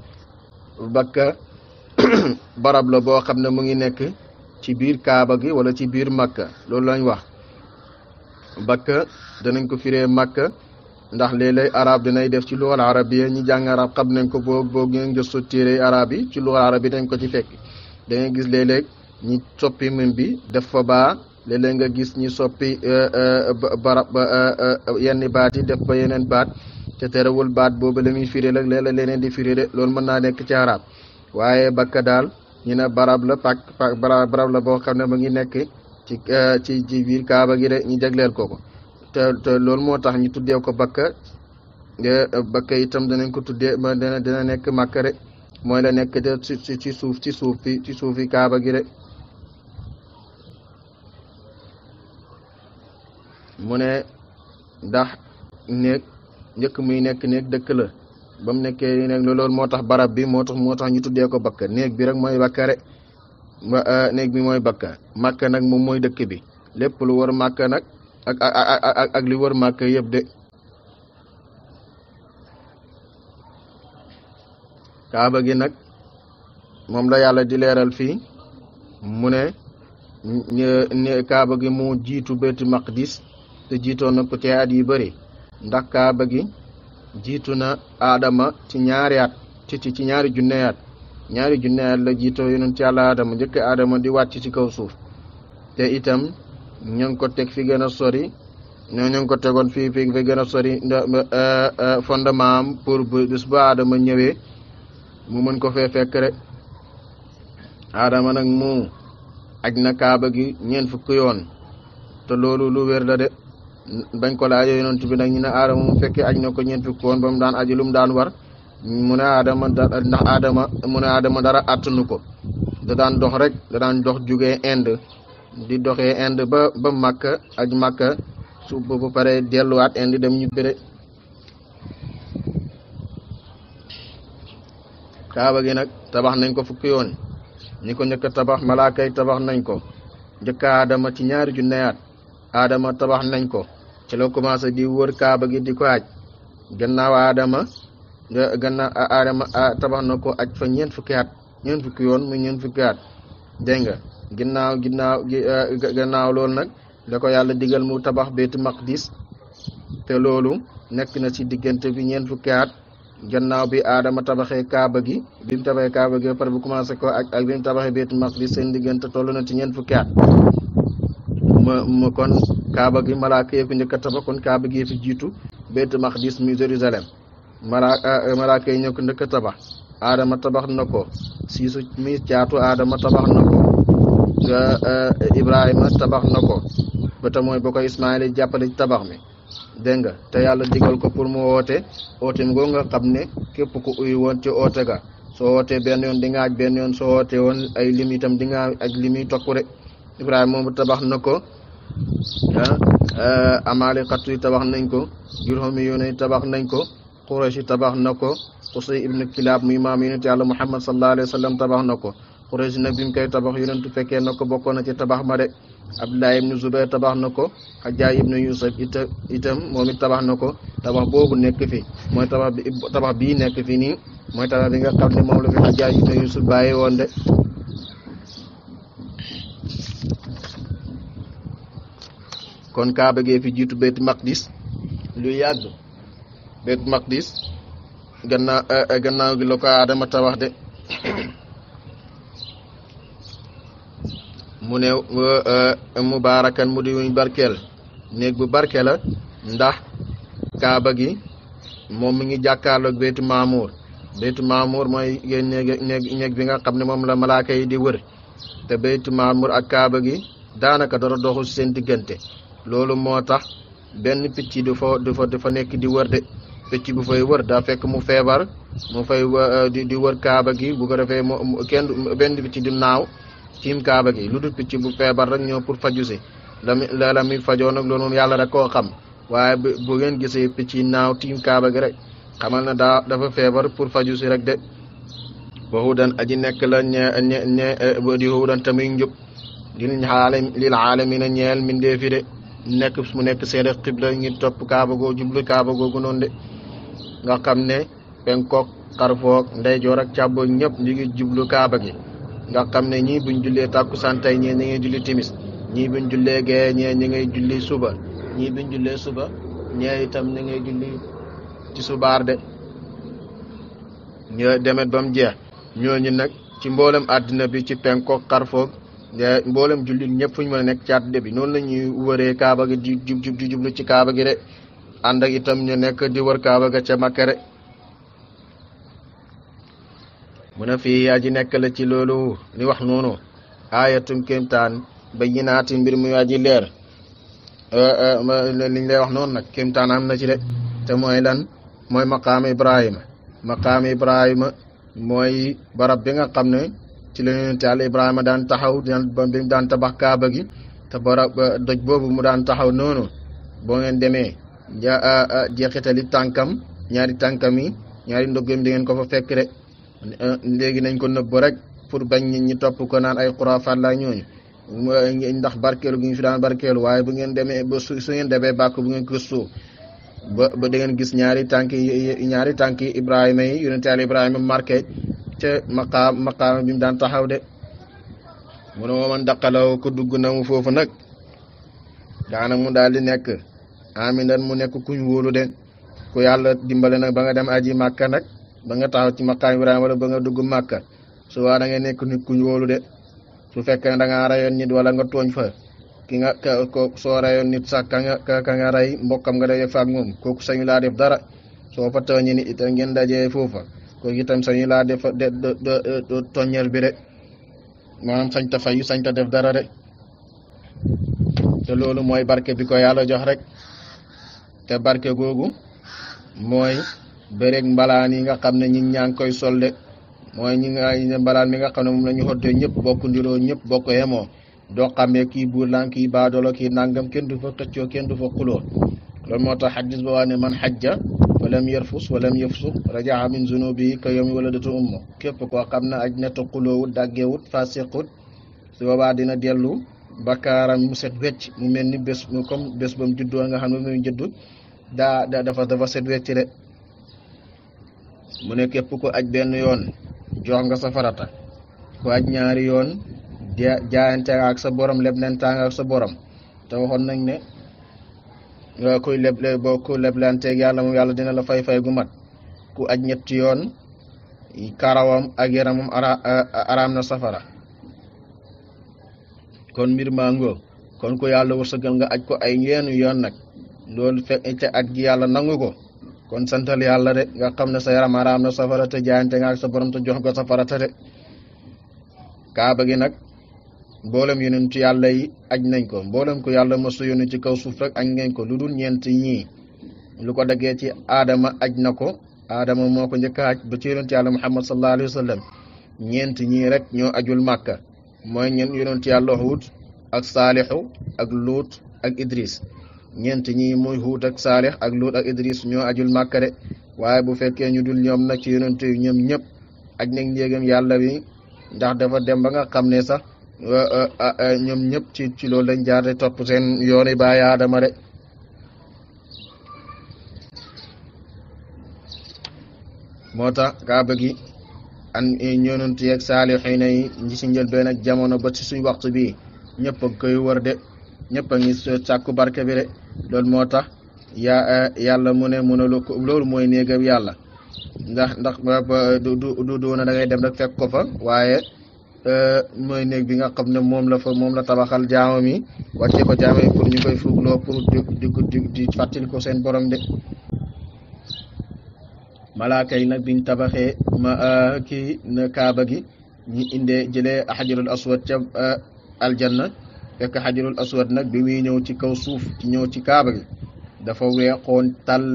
A: bakka barab la boo xam ne mu ngi nekk ci biir kaaba gi wala ci biir màkka loolu lañ wax bakka danañ ko firee màkka ndax léeg-léeg arab dinay def ci luxal arabiya ñi jàng arab xam nañ ko boo boo ngeen gëstu téere arab yi ci luxal arab yi dañ ko ci fekk da gis léeg-léeg ñi soppi mim bi def fa baa léeg nga gis ñi soppi euh, euh, barab euh, yenn baat yi def ba yeneen baat ca terewul baat boobu la ñuy firi rek léeg-léeg leneen di firi de loolu mën naa nekk ci arab waaye bakka daal ñu ne barab la pak pak barab la boo xam ne ba ngi nekk ci ci ci biir kaaba gi de ñu jagleel ko ko te te loolu moo tax ñu tuddee ko bakka bakka itam danañ ko tuddee dana dina nekk makka rek mooy la nekk ci ci suuf ci suuf bi ci suufi kaaba gi de mu ne ndax néeg njëkk muy nekk néeg dëkk la ba mu nekkee néeg la loolu moo tax barab bi moo tax moo tax ñu tuddee ko bakka néeg bi rek mooy bakkare néeg bi mooy bakka màkka nag moom mooy dëkk bi lépp lu wër màkka nag ak ak ak li wër màkka yëpp de ba gi nag moom la yàlla di leeral fii mu ne ne kaaba gi moo jiitu baytul maqdis te jiitoon na ko ci at yu bari ndax kaaba gi jiitu na aadama ci ñaari at ci ñaari junneyaat ñaari junneyaat la jiitoo ci yàlla aadama njëkk aadama di wàcc ci kaw suuf te itam ñu ngi ko teg fi gën a sori ñoo ko tegoon fii gën a sori eh, eh, fondement am pour bu bis bu aadama ñëwee mu mën ko fee fekk rek aadama nag mu aj na kaaba gi ñeent fukki yoon te loolu lu weer la de bañ ko laajee yonent bi nag ñu ne mu fekkee aj na ko ñeent fukki yoon ba mu daan aji lu mu daan war mu ne aadama ndax aadama mu ne aadama dara attanu ko da daan dox rek da dox jugee Inde di doxee Inde ba ba Makka aj Makka su ba pare delluwaat Inde dem ñu bëre kaaba gi nag tabax nañ ko fukki yoon ñi ko njëkk tabax malaaka yi tabax nañ ko njëkk aadama ci ñaari junneyaat aadama tabax nañ ko ci la commencé di wër kaaba gi di ko aj gannaaw aadama gannaaw tabax na ko aj fa ñeent fukki ñeent fukki yoon muy ñeent fukki at dégg nga ginnaaw ginnaaw gannaaw lool nag da ko yàlla digal mu tabax Baytul Maqdis te loolu nekk na ci diggante bi ñeent fukkiyaat gannaaw bi aadama tabaxee kaaba gi bi mu tabaxee kaaba gi ba bu commencé ko ak ak bi mu tabaxee baytul maqdis seen diggante toll na ci ñeent fukki at ma kon kaaba gi malaaka yee ko tabax kon kaaba gi fi jiitu baytul maqdis mu Jérusalem malaaka euh, malaaka yi ñoo ko a tabax aadama tabax na ko siisu mi caatu aadama tabax na ko euh, tabax na ko mooy ba ko Ismaayil jàppale tabax mi dégg nga te yàlla digal ko pour mu woote oote mi nga xam ne képp ku uyu woon ci oote ga soo wootee benn yoon di aj benn yoon soo woote woon ay lim itam di nga aj lim yi tokku rek Ibrahima moomu tabax na ko ah eh, amaali xattu yi tabax nañ ko juróomi yoon yi tabax nañ ko Quraysh tabax na ko Qusay ibnu Kilaab muy maam yonent yàlla Muhammad sallallahu alayhi wa sallam tabax na ko. Quraysh nag bi mu koy tabax yonentu fekkee na ko bokkoon na ci tabax ma de Abdullah ibnu Zubayr tabax na ko Hajjaaj ibnu Yusuf itam itam moom it tabax na ko tabax boobu nekk fi mooy tabax bi bii nekk fi nii mooy tabax bi nga xam ne moom la fi Hajjaaj ibnu Yusuf bàyyi woon de kon Kaaba gee fi jiitu Bayt Maqdis lu yàgg Bayt Maqdis gannaaw eh, eh, gannaaw gi la ko tabax de mu ne euh, euh, mubaarakan mu di wuñ barkeel néeg bu barke la ndax kaaba gi moom mu ngi jàkkaarloog béytu maamuur béytu maamuur mooy bi nga ne moom la malaaka yi di wër te béytu maamuur ak kaaba gi daanaka dara doxul seen diggante loolu moo tax benn picc du fa nekk di wër de picc bu fay wër daa fekk mu feebar mu fay euh, di wër kaaba gi bu ko defee mu kenn benn picc du naaw tiim kaaba gi lu dul picc bu feebar rek ñëw pour faju si la muy la muy nag loolu moom yàlla rek koo xam waaye bu ngeen gisee picc yi naaw tiim kaaba gi rek xamal na daa dafa feebar pour faju si rek de waxu dan aji nekk la ñe ñe ñe eh, di waxu dan tamuy njub lil aalam de nekk mu nekk seede xibla ngi topp kaaba googu jublu kaaba googu noonu de nga xam ne penkook xarfoog ndeyjoor ak càbbo ñëpp ñu ngi jublu kaaba gi nga xam ne ñii buñ jullee tàkkusaan tey ñee ñi ngay julli timis ñii buñ jullee gee ñee ñi ngay julli suba ñii buñ jullee suba ñee itam ñi ngay julli ci subaar de ñoo demet ba mu jeex ñooñu nag ci mboolem àddina bi ci penkook xarfoog mboolem jullit ñëpp fu ñu mën nekk ci àddina bi noonu la ñuy wëree kaaba gi di jub jub di ci kaaba gi de ànd ak itam ñu nekk di wër kaaba ga ma kere mu ne fii aji nekk la ci loolu li wax noonu ayatum ba bayyinaati mbir muy aji leer eh, eh, liñ lay wax noonu nag kéemtaan am na ci de te mooy lan mooy maqaam Ibrahima maqaam Ibrahima mooy barab bi nga xam ne ci la yonente Yàlla Ibrahima daan taxaw bi mu daan tabax kaaba gi te barab eh, doj boobu mu daan taxaw noonu boo ngeen demee jeexitali tànkam ñaari tànkam yi ñaari ndoggam di ngeen ko fa fekk rek Euh, léegi nañ ko nëbb rek pour bañ nit ñi topp ko naan ay xuraafaat la ñooñu ndax barkeelu gi ñu fi barkeelu waaye bu ngeen demee ba su su ngeen bu ngeen gëstoo ba ba da ngeen gis ñaari tànk ñaari tànk yi Ibrahima yi yonente Ibrahima marqué ca maqaam maqaama bi daan taxaw de mu ne man daqalaw ko dugg na mu foofu nag daana mu daal di nekk aminan mu nekk kuñ wóolu de ku yàlla dimbale nag ba nga dem aji màkka nag ba nga taxaw ci maqaam Ibrahima wala ba nga dugg Màkka su waa da nga nekk nit ku ñu wóolu de su fekkee ne da ngaa rayoon nit wala nga tooñ fa ki nga ko soo rayoon nit sax ka nga ka nga rey mbokkam nga dajee faak moom kook sañu laa def dara soo fa tooñee ni itam ngeen dajee foofa kooku itam sañu laa def de bi de maanaam sañ ta sañ ta def dara de te loolu mooy barke bi ko yàlla jox rek te barke googu mooy béréb mbalaan yi nga xam ne ñi ñaa ngi koy sol de mooy ñi nga ne mbalaan mi nga xam ne moom la ñu xottee ñëpp bokk ndiroo ñëpp bokk yemoo doo xamee kii buur lan kii baadoolo kii nangam kenn du fa xëccoo ken du fa xuloo loolu moo tax xaddis ba waa ne man xajja walam yarfus walam yafsuq rajaa min zunubi ka yawmi waladatu ummu képp koo xam ne aj neta xuloowut dàggeewut fasiqut su boobaa dina dellu bakkaaram mu set mu mel ni bés comme bés ba mu juddoo nga xam ne mu jëdd daa dafa dafa set wecc de mu ne képp ku aj benn yoon jox nga sa farata ku aj ñaari yoon jaayante ak sa borom leblantaa nga ak sa borom te waxoon nañ ne nga kuy leble boo ku leblanteeg yàlla moom yàlla dina la fay-fay gu mat ku aj ñetti yoon karawam ak yaramam araam na safara kon mbir maa ngoo kon ko yàlla wërsëgal nga aj ko ay ñeenu yoon nag loolu fekk aj gi yàlla nangu ko kon santal yàlla de nga xam ne sa yaram araam na safara te jaayante nga ak sa borom te jox ko safara te de kaaba gi nag mboolem yonentu yàlla yi aj nañ ko mboolem ko yàlla mosu yónni ci kaw suuf rek aj nañ ko lu dul ñeent ñii lu ko daggee ci aadama aj na ko aadama moo ko njëkk a aj ba ci yonentu yàlla muhammad sallallahu alayhi wa sallam ñeent ñii rek ñoo ajul màkka mooy ñen yonentu yàlla Huud ak Saalixu ak Luut ak Idris ñeent ñi muy Huud ak Saalix ak Luut ak Idris ajul Màkka waaye bu fekkee ñu dul ñoom nag ci yonent yu ñoom ñëpp aj nañ njéegam yàlla wi ndax dafa dem ba nga xam ne sax euh, euh, euh, ñoom ñëpp ci ci loolu lañ jaar topp seen yooni baay Aadama de moo tax kaaba gi an e, yonent yi ak saalixiina yi ñi si njëlbeen ak jamono ba ci suñ waxtu bi ñëpp a war de ñëpp a ngi sàkku barke bi de loolu moo tax ya eh, yàlla mu ne mënaloo ko loolu mooy néegam yàlla ndax ndax du du du na da ngay dem rek fekk ko fa waaye eh, mooy néeg bi nga xam ne moom la fa moom la tabaxal jaamam yi wàccee ko jaamam yi pour ñu koy fuugloo pour di di di fàttali ko seen borom de malaaka yi nag biñ tabaxee ma eh, ki na kaaba gi ñu indee jëlee xajarul aswad ca aljanna fekk xajarul aswad nag bi muy ñëw ci kaw suuf ci ñëw ci kaaba gi dafa weexoon tàll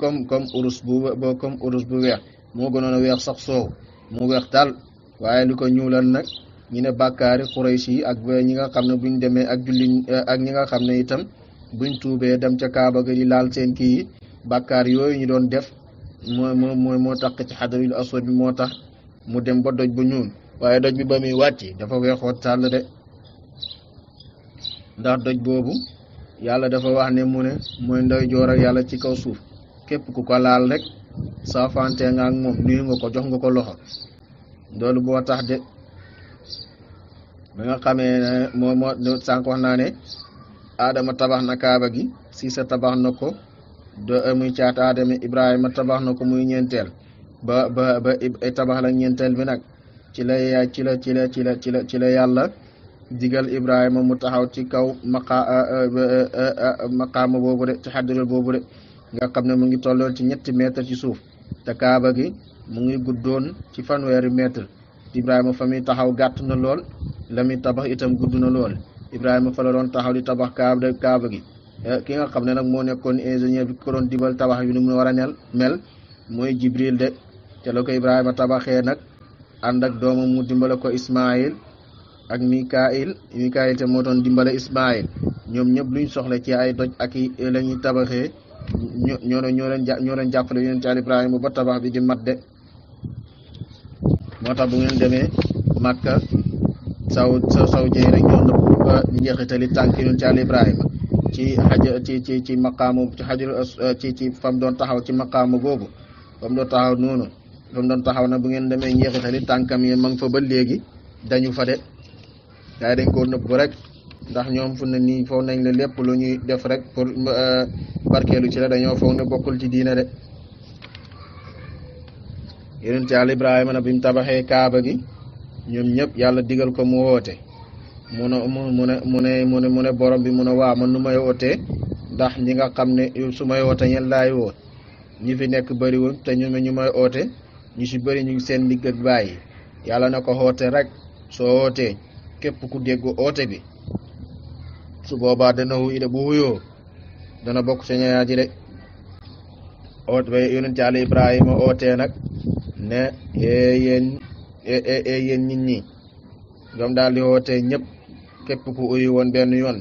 A: comme comme urus bu ba bu weex moo gënoon a weex sax soow mu weex tàll waaye li ko ñuulal nag ñu ne bàkkaari xuraysh yi ak ñi nga xam ne buñ demee ak julli ak ñi nga xam ne itam buñ tuubee dem ca kaaba gi laal seen kii yi bàkkaar yooyu ñu doon def moo moo mooy moo tax ci xajarul aswad bi moo tax mu dem ba doj bu ñuul waaye doj bi ba muy wàcc dafa weexoon tàll de ndax doj boobu yàlla dafa wax ne mu ne mooy ndeyjoor ak yàlla ci kaw suuf képp ku ko laal rek saafante nga ak moom nuyu nga ko jox nga ko loxo loolu boo tax de ba nga xamee ne moo moo wax naa ne Adama tabax na Kaaba gi Siisa tabax na ko do muy caat Adama Ibrahima tabax na ko muy ñeenteel ba ba ba tabax la ñeenteel bi nag ci la ci la ci la ci la ci la ci la yàlla. digal Ibrahima mu taxaw ci kaw maqa maqaama boobu de ci xaddiral boobu de nga xam ne mu ngi tollool ci ñetti mètre ci suuf te kaaba gi mu ngi guddoon ci fanweeri mètre Ibrahima fa muy taxaw gàtt na lool la muy tabax itam gudd na lool Ibrahima fa la doon taxaw di tabax kaaba kaaba gi eh, ki nga xam ne nag moo nekkoon ingénier bi ko doon dibal tabax bi ni mu war a nel mel mooy Jibril de te la ko Ibrahima tabaxee nag ànd ak doomam mu dimbale ko Ismaayil ak mikail mikail te moo doon dimbale ismail ñoom ñëpp luñ soxla ci ay doj ak i la tabaxee ñoo ñoo doon ñoo leen ñoo leen jàppale yonent ba tabax bi di mat de moo tax bu ngeen demee Màkka saw saw saw rek ñoo nëpp tànk yonent Yàlla Ibrahima ci xaj ci ci ci maqaamu ci xajaru ci ci doon taxaw ci maqaamu googu fam doon taxaw noonu fam doon taxaw na bu ngeen demee njeexitali tànkam yi ma ngi fa ba léegi dañu fa de gars yi dañ koo nëbbu rek ndax ñoom fu ne nii foog nañ la lépp lu ñuy def rek pour euh, barkeelu ci la dañoo foog ne bokkul ci diina de yonent yàlla Ibrahima nag bi mu tabaxee Kaaba gi ñoom ñëpp yàlla digal ko mu woote mu ne mu ne mu ne mu ne mu ne borom bi mu ne waa man nu may wootee ndax ñi nga xam ne su may woote ñen laay woot ñi fi nekk bëriwul te ñu ñu may oote ñu si bari ñu ngi seen digg ak bàyyi yàlla na ko xoote rek soo wootee képp ku dégg oote bi su boobaa dana wu ida bu wuyoo dana bokk ca ñaar ji de oote ba yonent Yàlla Ibrahima ootee nag ne ee yéen ee yéen nit ñi ñoom daal di ootee ku uyu woon benn yoon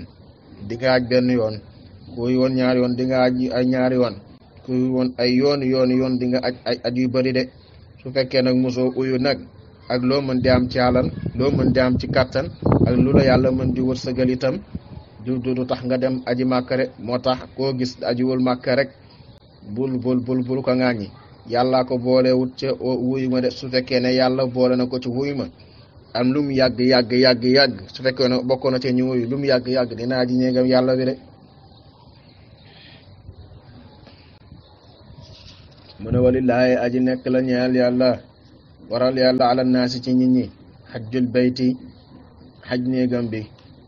A: di benn yoon woon ñaari yoon di nga aj yoon yoon yoon yoon aj aj yu bëri de su fekkee nag mosoo uyu nag ak loo mën di am ci alal loo mën di am ci kàttan ak lu la yàlla mën di wërsëgal itam du du tax nga dem aji màkka rek moo tax koo gis ajiwul màkk rek bul bul bul bul ko ŋaañi yàllaa ko boole wut ca wuyu ma de su fekkee ne yàlla boole na ko ci wuyu ma am lu mu yàgg yàgg yàgg yàgg su fekkee ne bokkoon na ca ñu wuyu lu mu yàgg yàgg naa ji ñeegam yàlla bi de mu ne walilaaye aji nekk la ñeel yàlla waral yàlla ala naasi ci nit ñi xajjul bayti xaj néegam bi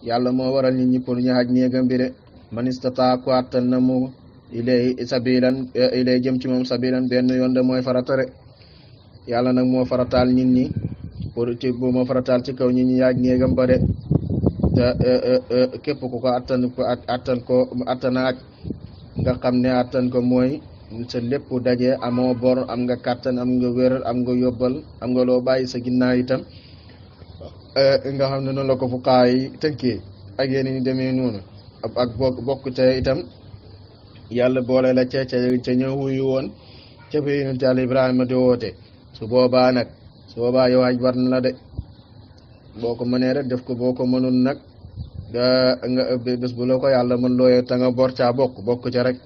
A: yàlla moo waral nit ñi pour ñu xaj néegam bi de man istataa àttan na mu ilay sabilan eh, ilay jëm ci moom sabilan benn yoon de mooy faratare yàlla nag moo farataal nit ñi pour ci bu moo ci kaw nit ñi yaaj néegam ba de te eh, eh, képp ku ko attan ko attan nga xam ne attan ko mooy sa lépp daje am nga nga wér am nga yóbbal am loo bàyyi sa ginnaaw itam eh, nga xam ne noonu la ko fuqaa yi tënkee ak yeneen yi demee noonu ak bokk bokk te yàlla boole la ca ca ca ñë wuyu woon su boobaa nag su boobaa yow aj la de boo ko mënee def ko booko ko mënul nag nga bés bu la ko yàlla mën looyee ta nga bor bokk bokk ca rek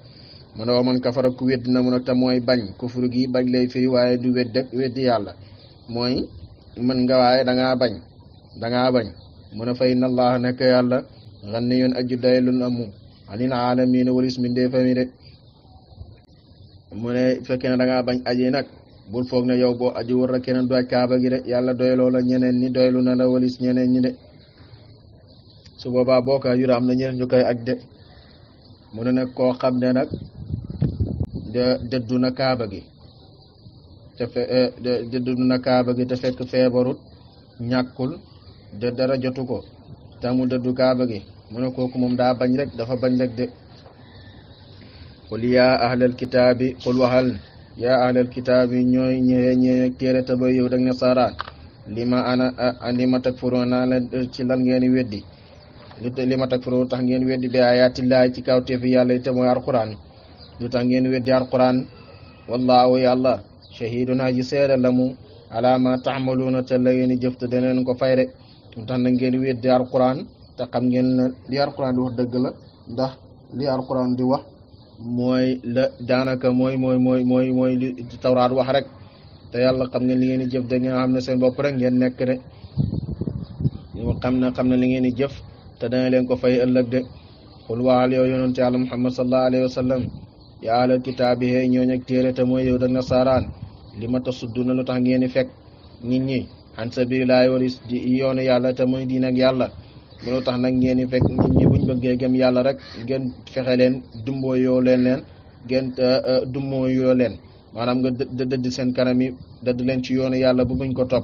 A: mu ne wa man kafara ku wedd na mu a te mooy bañ kufru gi bañ lay firi waaye du wedd ak weddi yàlla mooy mën nga waaye da bañ danga ngaa bañ mu ne fay na allah nekk yàlla xan ne yoon aju day lun amu anil aalamiina walis mindee fami de mu fekkee ne da bañ aji nag bul foog ne yow boo aji war a keneen du aj kaaba de yàlla doyloo la ñeneen ni doylu na la walis ñeneen ñi de su boobaa boo ko ajura am na ñeneen ñu koy aj de mu ne nag koo xam ne nag dëddu na kaaba gi te fe eh, dëddu na kaaba gi te fekk feebarut ñàkkul de dara jotu ko tamu dëddu kaaba gi mu ne kooku moom da bañ rek dafa bañ rek de qul yaa ahlal kitaabi qul waxal yaa ahlal kitaabi ñooy ñëwee ñëwee téere te bay yow dag ne saaraan li ana eh, li ma takfuroo eh, ci lan ngeen weddi li ma takfuroo tax ngeen weddi bi ayaatillaahi ci kaw teefi yàlla te mooy alquraan lu tax ngeen weddi alquran wallaahu yàlla shahidun aji seede la mu ala ma taamaluuna te ngeen jëf te daneen ko fay de tax na ngeen weddi alquran te xam ngeen ne li alquran di dëgg la ndax li alquran di wax mooy la daanaka mooy mooy mooy mooy tawraat wax rek te yàlla xam ngeen li ngeen di jëf da ngeen seen bopp rek ngeen nekk xam na xam na li ngeen di jëf te dana leen ko fay ëllëg de xul waxal yow yonente yàlla muhammad sallallahu alayhi wa yaa alal kitaabi hey ñooñ ak téere te mooy yow da nasaaraan li ma ta sudduna lu tax ngeen di fekk nit ñi an sabilillahi waris di yàlla te mooy diin ak yàlla lu tax nag ngeen di fekk nit ñi buñ bëggee gëm yàlla rek ngeen fexe leen dumboo yoo leen leen ngeen eh, eh, dumboo leen maanaam nga dëdd seen kanam yi dëdd leen ci yoonu yàlla bu buñ ko topp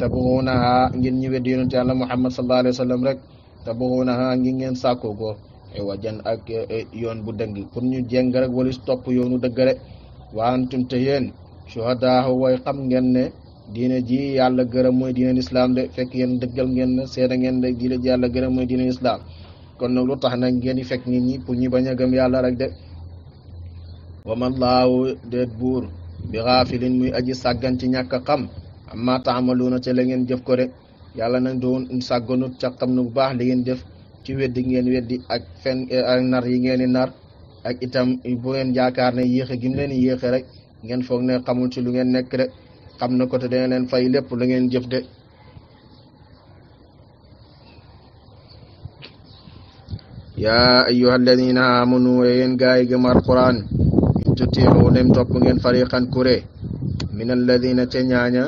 A: te buxuunaha ngeen ñu weddi yonent yàlla muhammad sallallahu alayhi wa sallam rek te buxuunaha ngi ngeen sàkkoo ko E wajan ak e, e yoon bu dëng pour ñu jéng rek walis topp yoonu dëgg rek wa antum te yéen shuhadaa way xam ngeen ne diine ji yàlla gërëm mooy diine lislaam de fekk yéen dëggal ngeen ne seede ngeen de diine ji yàlla gërëm mooy diine lislaam kon nag lu tax nag ngeen di fekk nit ñi pour ñu bañ a gëm yàlla rek de wama laahu déet buur bi xaafilin muy aji sàggan ci ñàkk a xam amma taamaluuna ca la ngeen jëf ko de yàlla nag doon sàgganut ca xam na bu baax li ngeen def ci weddi ngeen weddi ak fen eh, ak nar yi ngeen di nar ak itam bu ngeen yaakaar ne yéexe gi leen di yéexe rek ngeen foog ne xamul ci lu ngeen nekk rek xam na ko te leen fay lépp lu ngeen jëf de yaa ayyuha alladina amanu e yéen gaay gëm alquran tuttiixu dem topp ngeen fariqan kuré min alladina ca ñaaña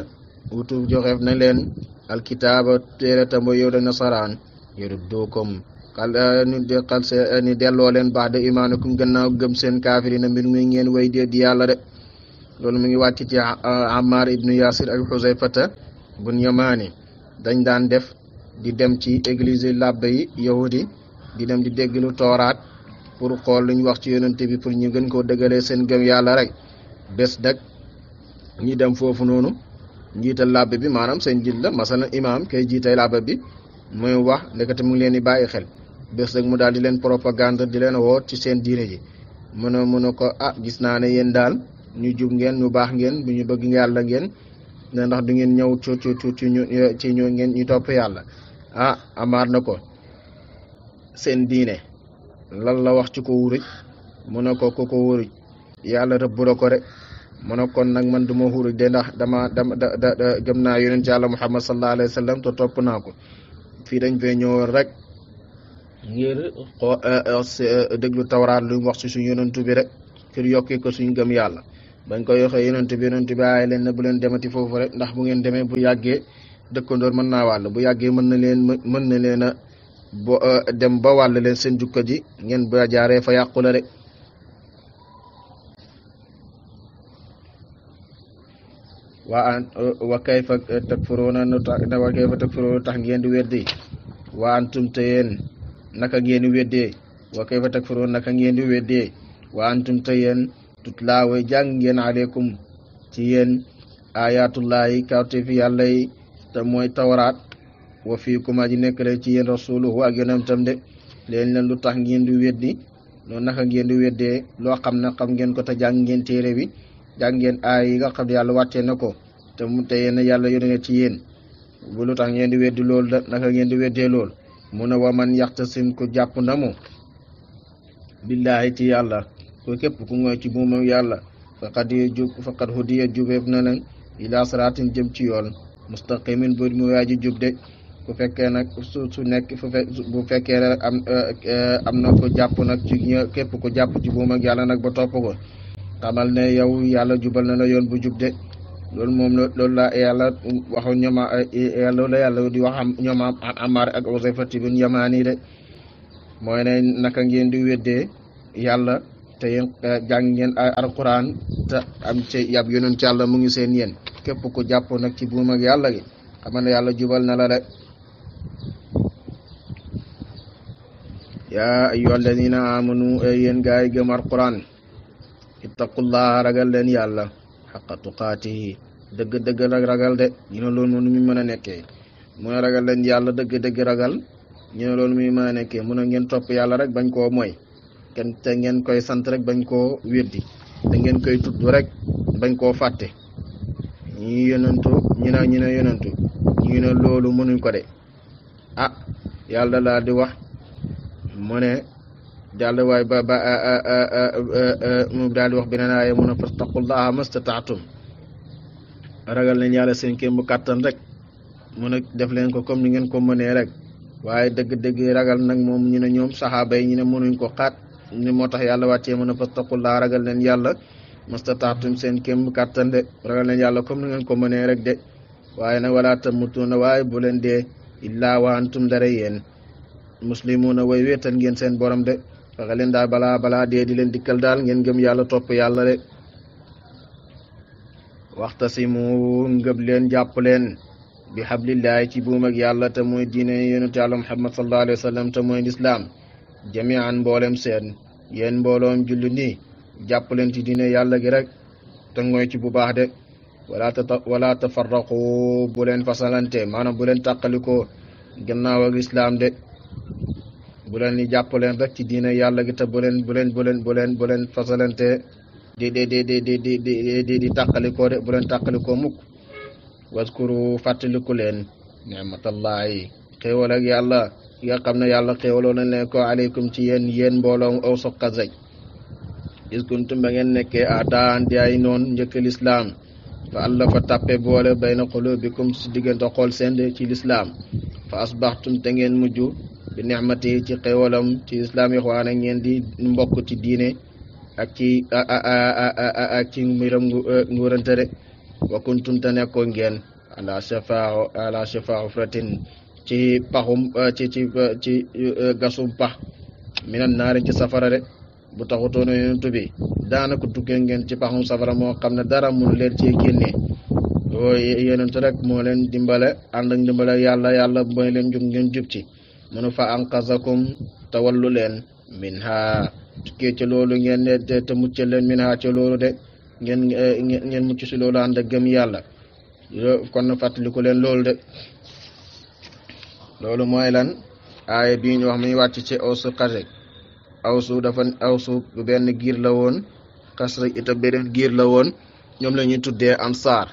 A: wutu joxeef na leen alkitaaba téere tambo yow da nasaraan yuruddukum xal ñu eh, xal sa eh, ni delloo leen baax de imaanakum gannaaw gëm seen kaafiri na mbir muy ngeen way dee di yàlla de mu ngi wàcc ci eh, Ammar ibnu Yasir ak Xusayfata bun Yamaani dañ daan def di dem ci église làbbe yi yahudi di dem di dégglu tooraat pour xool luñ wax ci yonente bi pour ñu gën koo dëggalee seen gëm yàlla rek bés nag ñi dem foofu noonu njiital làbbe bi maanaam seen jiit làbbe bi muy wax ndekete mu ngi leen di bàyyi xel bés mu daal di leen propagande di leen woot ci seen diine ji mu ne mu ne ko ah gis naa ne yéen daal ñu jub ngeen ñu baax ngeen bu ñu bëgg yàlla ngeen ne ndax du ngeen ñëw ci ci ci ñu ngeen ñu topp yàlla ah amaat na ko seen diine lan la wax ci ko wuruj mu ne ko ku ko wuruj yàlla rëbb la ko rek mu ne kon nag man du ma wuruj de ndax dama dam da da gëm naa yonent yàlla Muhammad sallallahu alayhi wa sallam te topp naa ko fii dañ fee ñëwoon rek ngir eh, eh, eh, déglu tawraat lu mu wax si suñu yonentu rek ngir yokkee ko suñ gëm yàlla bañ koy yoxee yonentu bi yonentu bi leen ne bu leen demati foofu rek ndax bu ngeen demee bu yàggee dëkkandoor mën naa wàll bu yàggee mën na leen ma mën na leen a dem ba wàll leen seen jukka ji ngeen ba fa yàqula rek waa wa kayfa takfuruuna wa kayfa takfuruuna tax ngeen di weddi wa antum te yéen naka ngeen di weddee wa kayfa takfuruuna naka ngeen di weddee wa antum te yéen tutlaa way ayatullahi kawte fi yàlla yi te mooy tawraat wa fiikum aji nekk la ci yéen rasuluhu ak yonentam de leen leen lu tax ngeen di weddi noonu naka ngeen loo xam na xam ngeen ko te jàng ngeen téere bi jàng ngeen aay yi nga xam ne yàlla wàccee na ko te mu te yéen yàlla yónni nga ci yéen bu lu tax ngeen di weddi lool da naka ngeen di weddee lool mu ne wa man yaxtasim ku jàpp na mu billaahi ci yàlla ko képp ku ngoy ci buumam yàlla faqad jub faqad hudiya jubeeb na leen ilaa saraatin jëm ci yoon mustaqimin bu mu waay ji jub de bu fekkee nag su su nekk bu fekkee am am na ko jàpp nag képp ku jàpp ci buum ak yàlla nag ba topp ko xamal na yow yàlla jubal na la yoon bu jub de loolu moom loolu la yàlla waxu ñooma loolu la yàlla di wax ñoom am Ammaar ak Uzayfa ibn naka ngeen di weddee yàlla te yéen eh, jàng ngeen alquran te am ci yab yonent yàlla mu ngi seen yéen képp ku jàpp nag ci buum ak yàlla gi xamal ne yàlla jubal na la de yaa ayyuha alladina amanu yéen gaay gëm alquran ittaqullaha ragal leen yàlla xaqa tuqaatihi dëgg-dëgg ragal de ñu ne loolu nu muy mën a nekkee mu ne ragal leen yàlla dëgg-dëgg ragal ñu ne loolu muy mën a nekkee mu ne ngeen topp yàlla rek bañ koo mooy kenn te ngeen koy sant rek bañ koo weddi te ngeen koy tudd rek bañ koo fàtte ñi yonentu ñu ne ñu ne yonentu ñu ne loolu mënuñ ko de ah yàlla daal di wax mu ne daal di waay ba ba mu daal di a beneen aaya mu ne fattaqullaha mastataatum ragal nañ yàlla seen kéem kàttan rek mu ne def leen ko comme ni ngeen ko mënee rek waaye dëgg-dëgg ragal nag moom ñu ne ñoom saxaaba yi ñu ne mënuñ ko xaat ni moo tax yàlla wàccee mu ne fattaqullaha ragal leen yàlla mastataatum seen kéem bu kàttan de ragal leen ko mënee rek de waaye nag wala tamutuuna waaye bu leen dee illaa wa antum dara yéen muslimuuna way wéetal ngeen seen borom de fexe leen daal balaa balaa dee di leen dikkal daal ngeen gëm yàlla topp yàlla rek waxta si mu ngëb leen jàpp leen bi xablillahi ci buum ak yàlla te mooy diine yonent yàlla muhammad sallallahu alayhi wa mooy lislaam jamian mboolem seen yéen mbooloom julli nii jàpp leen ci diine yàlla gi rek te ngoy ci bu baax de wala ta wala bu leen fasalante maanaam bu leen tàqalikoo gannaaw lislaam de bu leen ni jàpp leen rek ci diine yàlla gi te bu leen bu leen bu leen bu leen bu di di di di di di di di de bu leen tàqalikoo mukk waskuru fàttaliku leen ni'matallahi xéewal ak yàlla ki xam ne yàlla xéewaloo nañ leen ko aleykum ci yéen yéen mbooloo aw soqa zaj is ngeen nekke ataan di ay noon njëkk lislaam fa allafa tàppe boole bayna qulubikum si diggante xool send ci lislaam fa asbaxtum te ngeen mujj bi nexmati ci xewalam ci lislaam ixwaana ngeen di mbokk ci diine ak ci ak ci mbiram e, nguurante de wa kuntum te ngeen ala shafaahu ala ci paxum e, ci ci e, gasum pax minan naari ci safara bu taxutoon yonent bi daanaka duggee ngeen ci paxum safara moo xam ne dara mun leen cee génnee yonent rek moo leen dimbale ànd ak dimbale yàlla yàlla mooy leen jub ngeen jub ci munu fa anqazakum tawallu leen min ha tukkee loolu ngeen ne te mucc leen min ha ci loolu de ngeen ngeen mucc si loolu ànd ak gëm yàlla kon fàttaliku leen loolu de loolu mooy lan aaya bii ñu wax muy wàcc ci aw su awsu dafa awsu benn giir la woon xasra itam beneen giir la woon ñoom lañuy tuddee am ansaar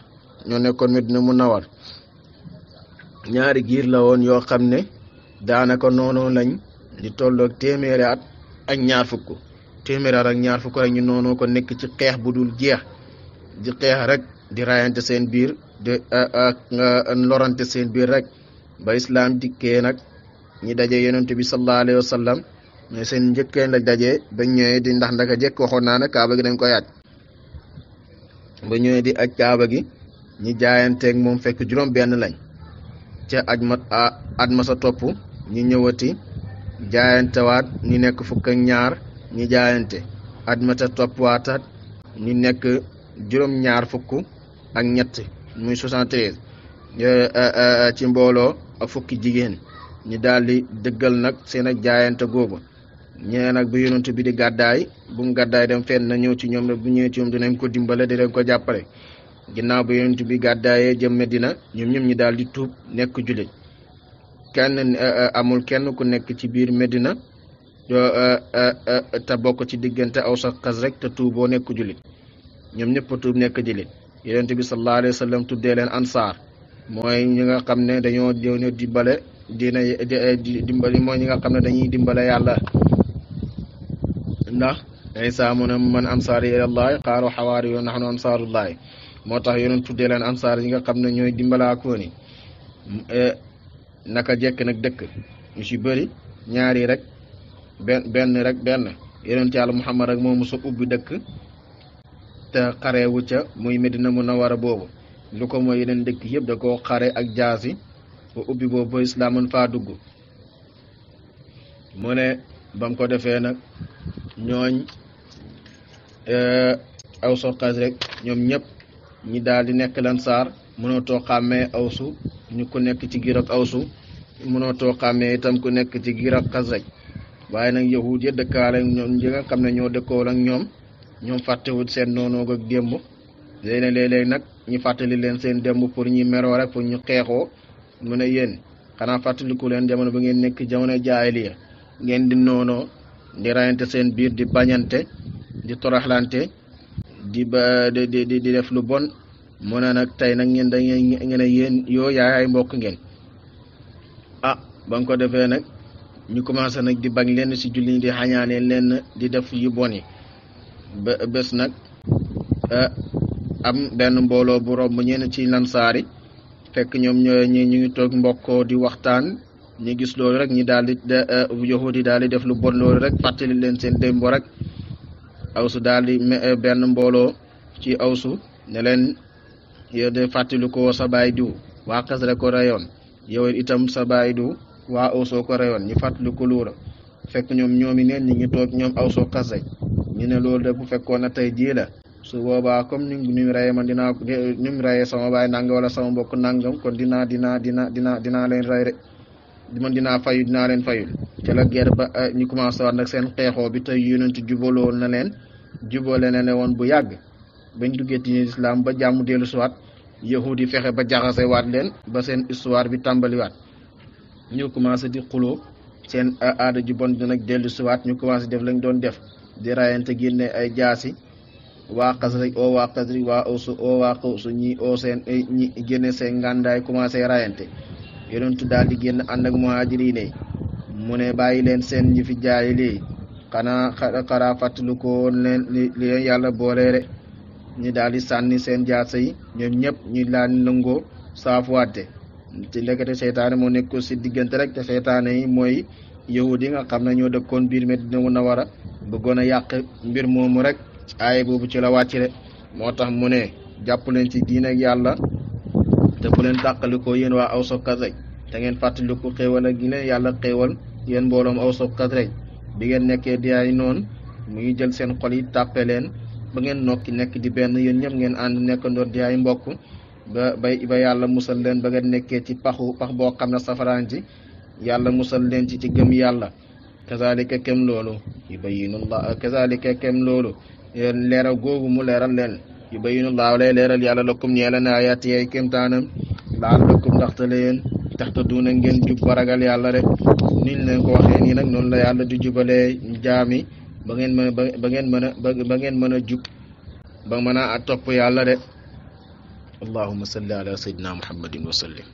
A: ñoo nekkoon mu Munawar ñaari giir la woon yoo xam ne daanaka noonoo lañ di tolloog téeméeri at ak ñaar fukk téeméeri at ak ñaar fukk rek ñu noonoo ko nekk ci xeex bu dul jeex di xeex rek di raayante seen biir di ak lorante seen biir rek ba islaam dikkee nag ñi daje yonent bi sallallahu alayhi wa mais seen njëkkeen la dajee bañ ñëwee di ndax ndaka jëkk waxoon naa ne kaaba gi dañ ko yaaj ba ñëwee di aj kaaba gi ñi jaayanteek moom fekk juróom benn lañ ca aj ma at ma sa topp ñi ñëwati jaayantewaat ñi nekk fukk jaayante at ma nekk juróom ñaar fukk ak ñett muy ci mbooloo ak fukki jigéen ñi daldi dëggal nag seen ak jaayante googu ñee nag bu yonent bi di gàddaay bu mu gàddaay dem fenn na ñëw ci ñoom ne bu ñëwee ci ñoom dinañ ko dimbale dinañ ko jàppale ginnaaw bu yonent bi gàddaayee jëm Medina ñoom ñoom ñi daal di tuub nekk jullit kenn eh, eh, amul kenn ku nekk ci biir Medina eh, te bokk ci diggante aw sax xas rek te tuuboo nekk jullit ñoom ñëpp tuub nekk jullit yonent bi sallallahu alayhi wa sallam tuddee leen ansaar mooy ñu nga xam ne dañoo dañoo dimbale dina dimbali mooy ñi nga xam ne dañuy dimbale yàlla ndax Isa mu ne man ansaari ilallaahi qaalu xawaariyuun nahnu ansaarullaahi moo tax yonent tuddee leen ansaar yi nga xam ne ñooy dimbalaakoon yi e, naka jekk nag dëkk ñu ci bëri ñaari rek benn benn rek benn yeneen yonent yàlla Muhammad rek moo mos a ubbi dëkk te xarewu ca muy a Munawara boobu lu ko mooy yeneen dëkk yëpp da koo xare ak jaasi ba ubbi boobu ba islaaman faa dugg mu ne bam ko defee nag ñooñ eh, awsu xas rek ñoom ñëpp ñi daal di nekk lan saar mënoo too xàmmee awsu ñu ko nekk ci giir ak awsu mënoo too xàmmee itam ku nekk ci giir ak xas rek waaye nag yahud ya dëkkaale ñoom ñi nga xam ne ñoo dëkkool ak ñoom ñoom fàttewut seen noonoog ak démb léeg-léeg léeg-léeg nag ñu fàttali leen seen demb pour ñu meroo rek pour ñu xeexoo mu ne yéen xanaa fattaliku leen jamono ba ngeen nekk jamono jaahiliya ngeen di noonoo di rayante seen biir di bañante di toraxlante di ba di def lu bon mu ne nag tey nag ngeen da ngeen a yéen yoo yaay mbokk ngeen a ah, ba nga ko defee nag ñu commencé nag di bañ lenn si julli di xañaanee lenn di def yu bon yi ba bés nag ah, am benn mbooloo bu romb ñenn ci lansaari fekk ñoom ñoo ñu ngi toog mbokkoo di waxtaan ñu gis loolu rek ñi daal di eh, yahudi daal di def lu bon loolu rek fàttali leen seen démbo rek awsu daal di eh, benn mbooloo ci awsu ne leen yow de fàttali ko sa baay diw waa Xasra ko reyoon yow itam sa baay diw waa awsoo ko reyoon ñu fàttali ko luura fekk ñoom ñoomi neen ñi ngi toog ñoom awsoo Xasra ñu ne loolu de bu fekkoon na tey jii la su boobaa comme ni ñu rayee man dinaa rayee sama baay nanga wala sama mbokk nangam kon dinaa dinaa dinaa dinaa dinaa leen ray rek man dinaa fayu dinaa leen fayu ca la guerre ba euh, ñu commencé waat nag seen xeexoo bi tey te yonent jubaloo na leen jubale na ne woon bu yàgg bañ duggee ci islam ba jàmm dellu siwaat yahud yi fexe ba jaxase waat leen ba seen histoire bi tàmbaliwaat ñu commencé di xuloo seen euh, aada ju bon nag dellu siwaat ñu commencé def lañ doon def di rayante génne ay jaasi waa xasri oo waa xasri waa osu oo waa xawsu ñi oo seen ñi génne seen ngàndaay commencé rayante yonentu daal di génn ànd ak muhaajiriin yi mu ne bàyyi leen seen ñi fi jaay lii xanaa xaraa fàttali ko woon leen li leen yàlla boole de ñu daal di sànni seen jaasa yi ñoom ñëpp ñu daal nangoo saafuwaate ci ndekete seytaane moo nekk si diggante rek te seytaane yi mooy yahud yi nga xam ne ñoo dëkkoon biir Medina na bëggoon a yàq mbir moomu rek aaya boobu ci la wàcc moo tax mu ne jàpp leen ci diin yàlla te bu leen tàqalikoo yéen waa awsa Xasraj te ngeen fàttaliku xéewal ak gi leen yàlla xéewal yéen mbooloom soo Xasraj bi ngeen nekkee di ay noon mu ngi jël seen xol yi tàppe leen ba ngeen nokki nekk di benn yéen ñëpp ngeen ànd nekkandoor di ay mbokk ba bay ba yàlla musal leen ba ngeen nekkee ci paxu pax boo xam ne safaraan ji yàlla musal leen ci ci gëm yàlla kazalika kem loolu yubayyinu llah kazalika kem loolu leeral googu mu leeral leen yu bayinu laaw lay leeral yàlla lakum ñeela ne ayaati ay kéemtaanam laal lakum ndaxte leen taxta duuna ngeen jub ba ragal yàlla rek niñ leen ko waxee nii nag noonu la yàlla di jubalee jaami ba ngeen mën a ba ngeen mën a ba ngeen mën a jub ba mën a topp yàlla de allahumma salli ala sayyidina muhammadin wa sallim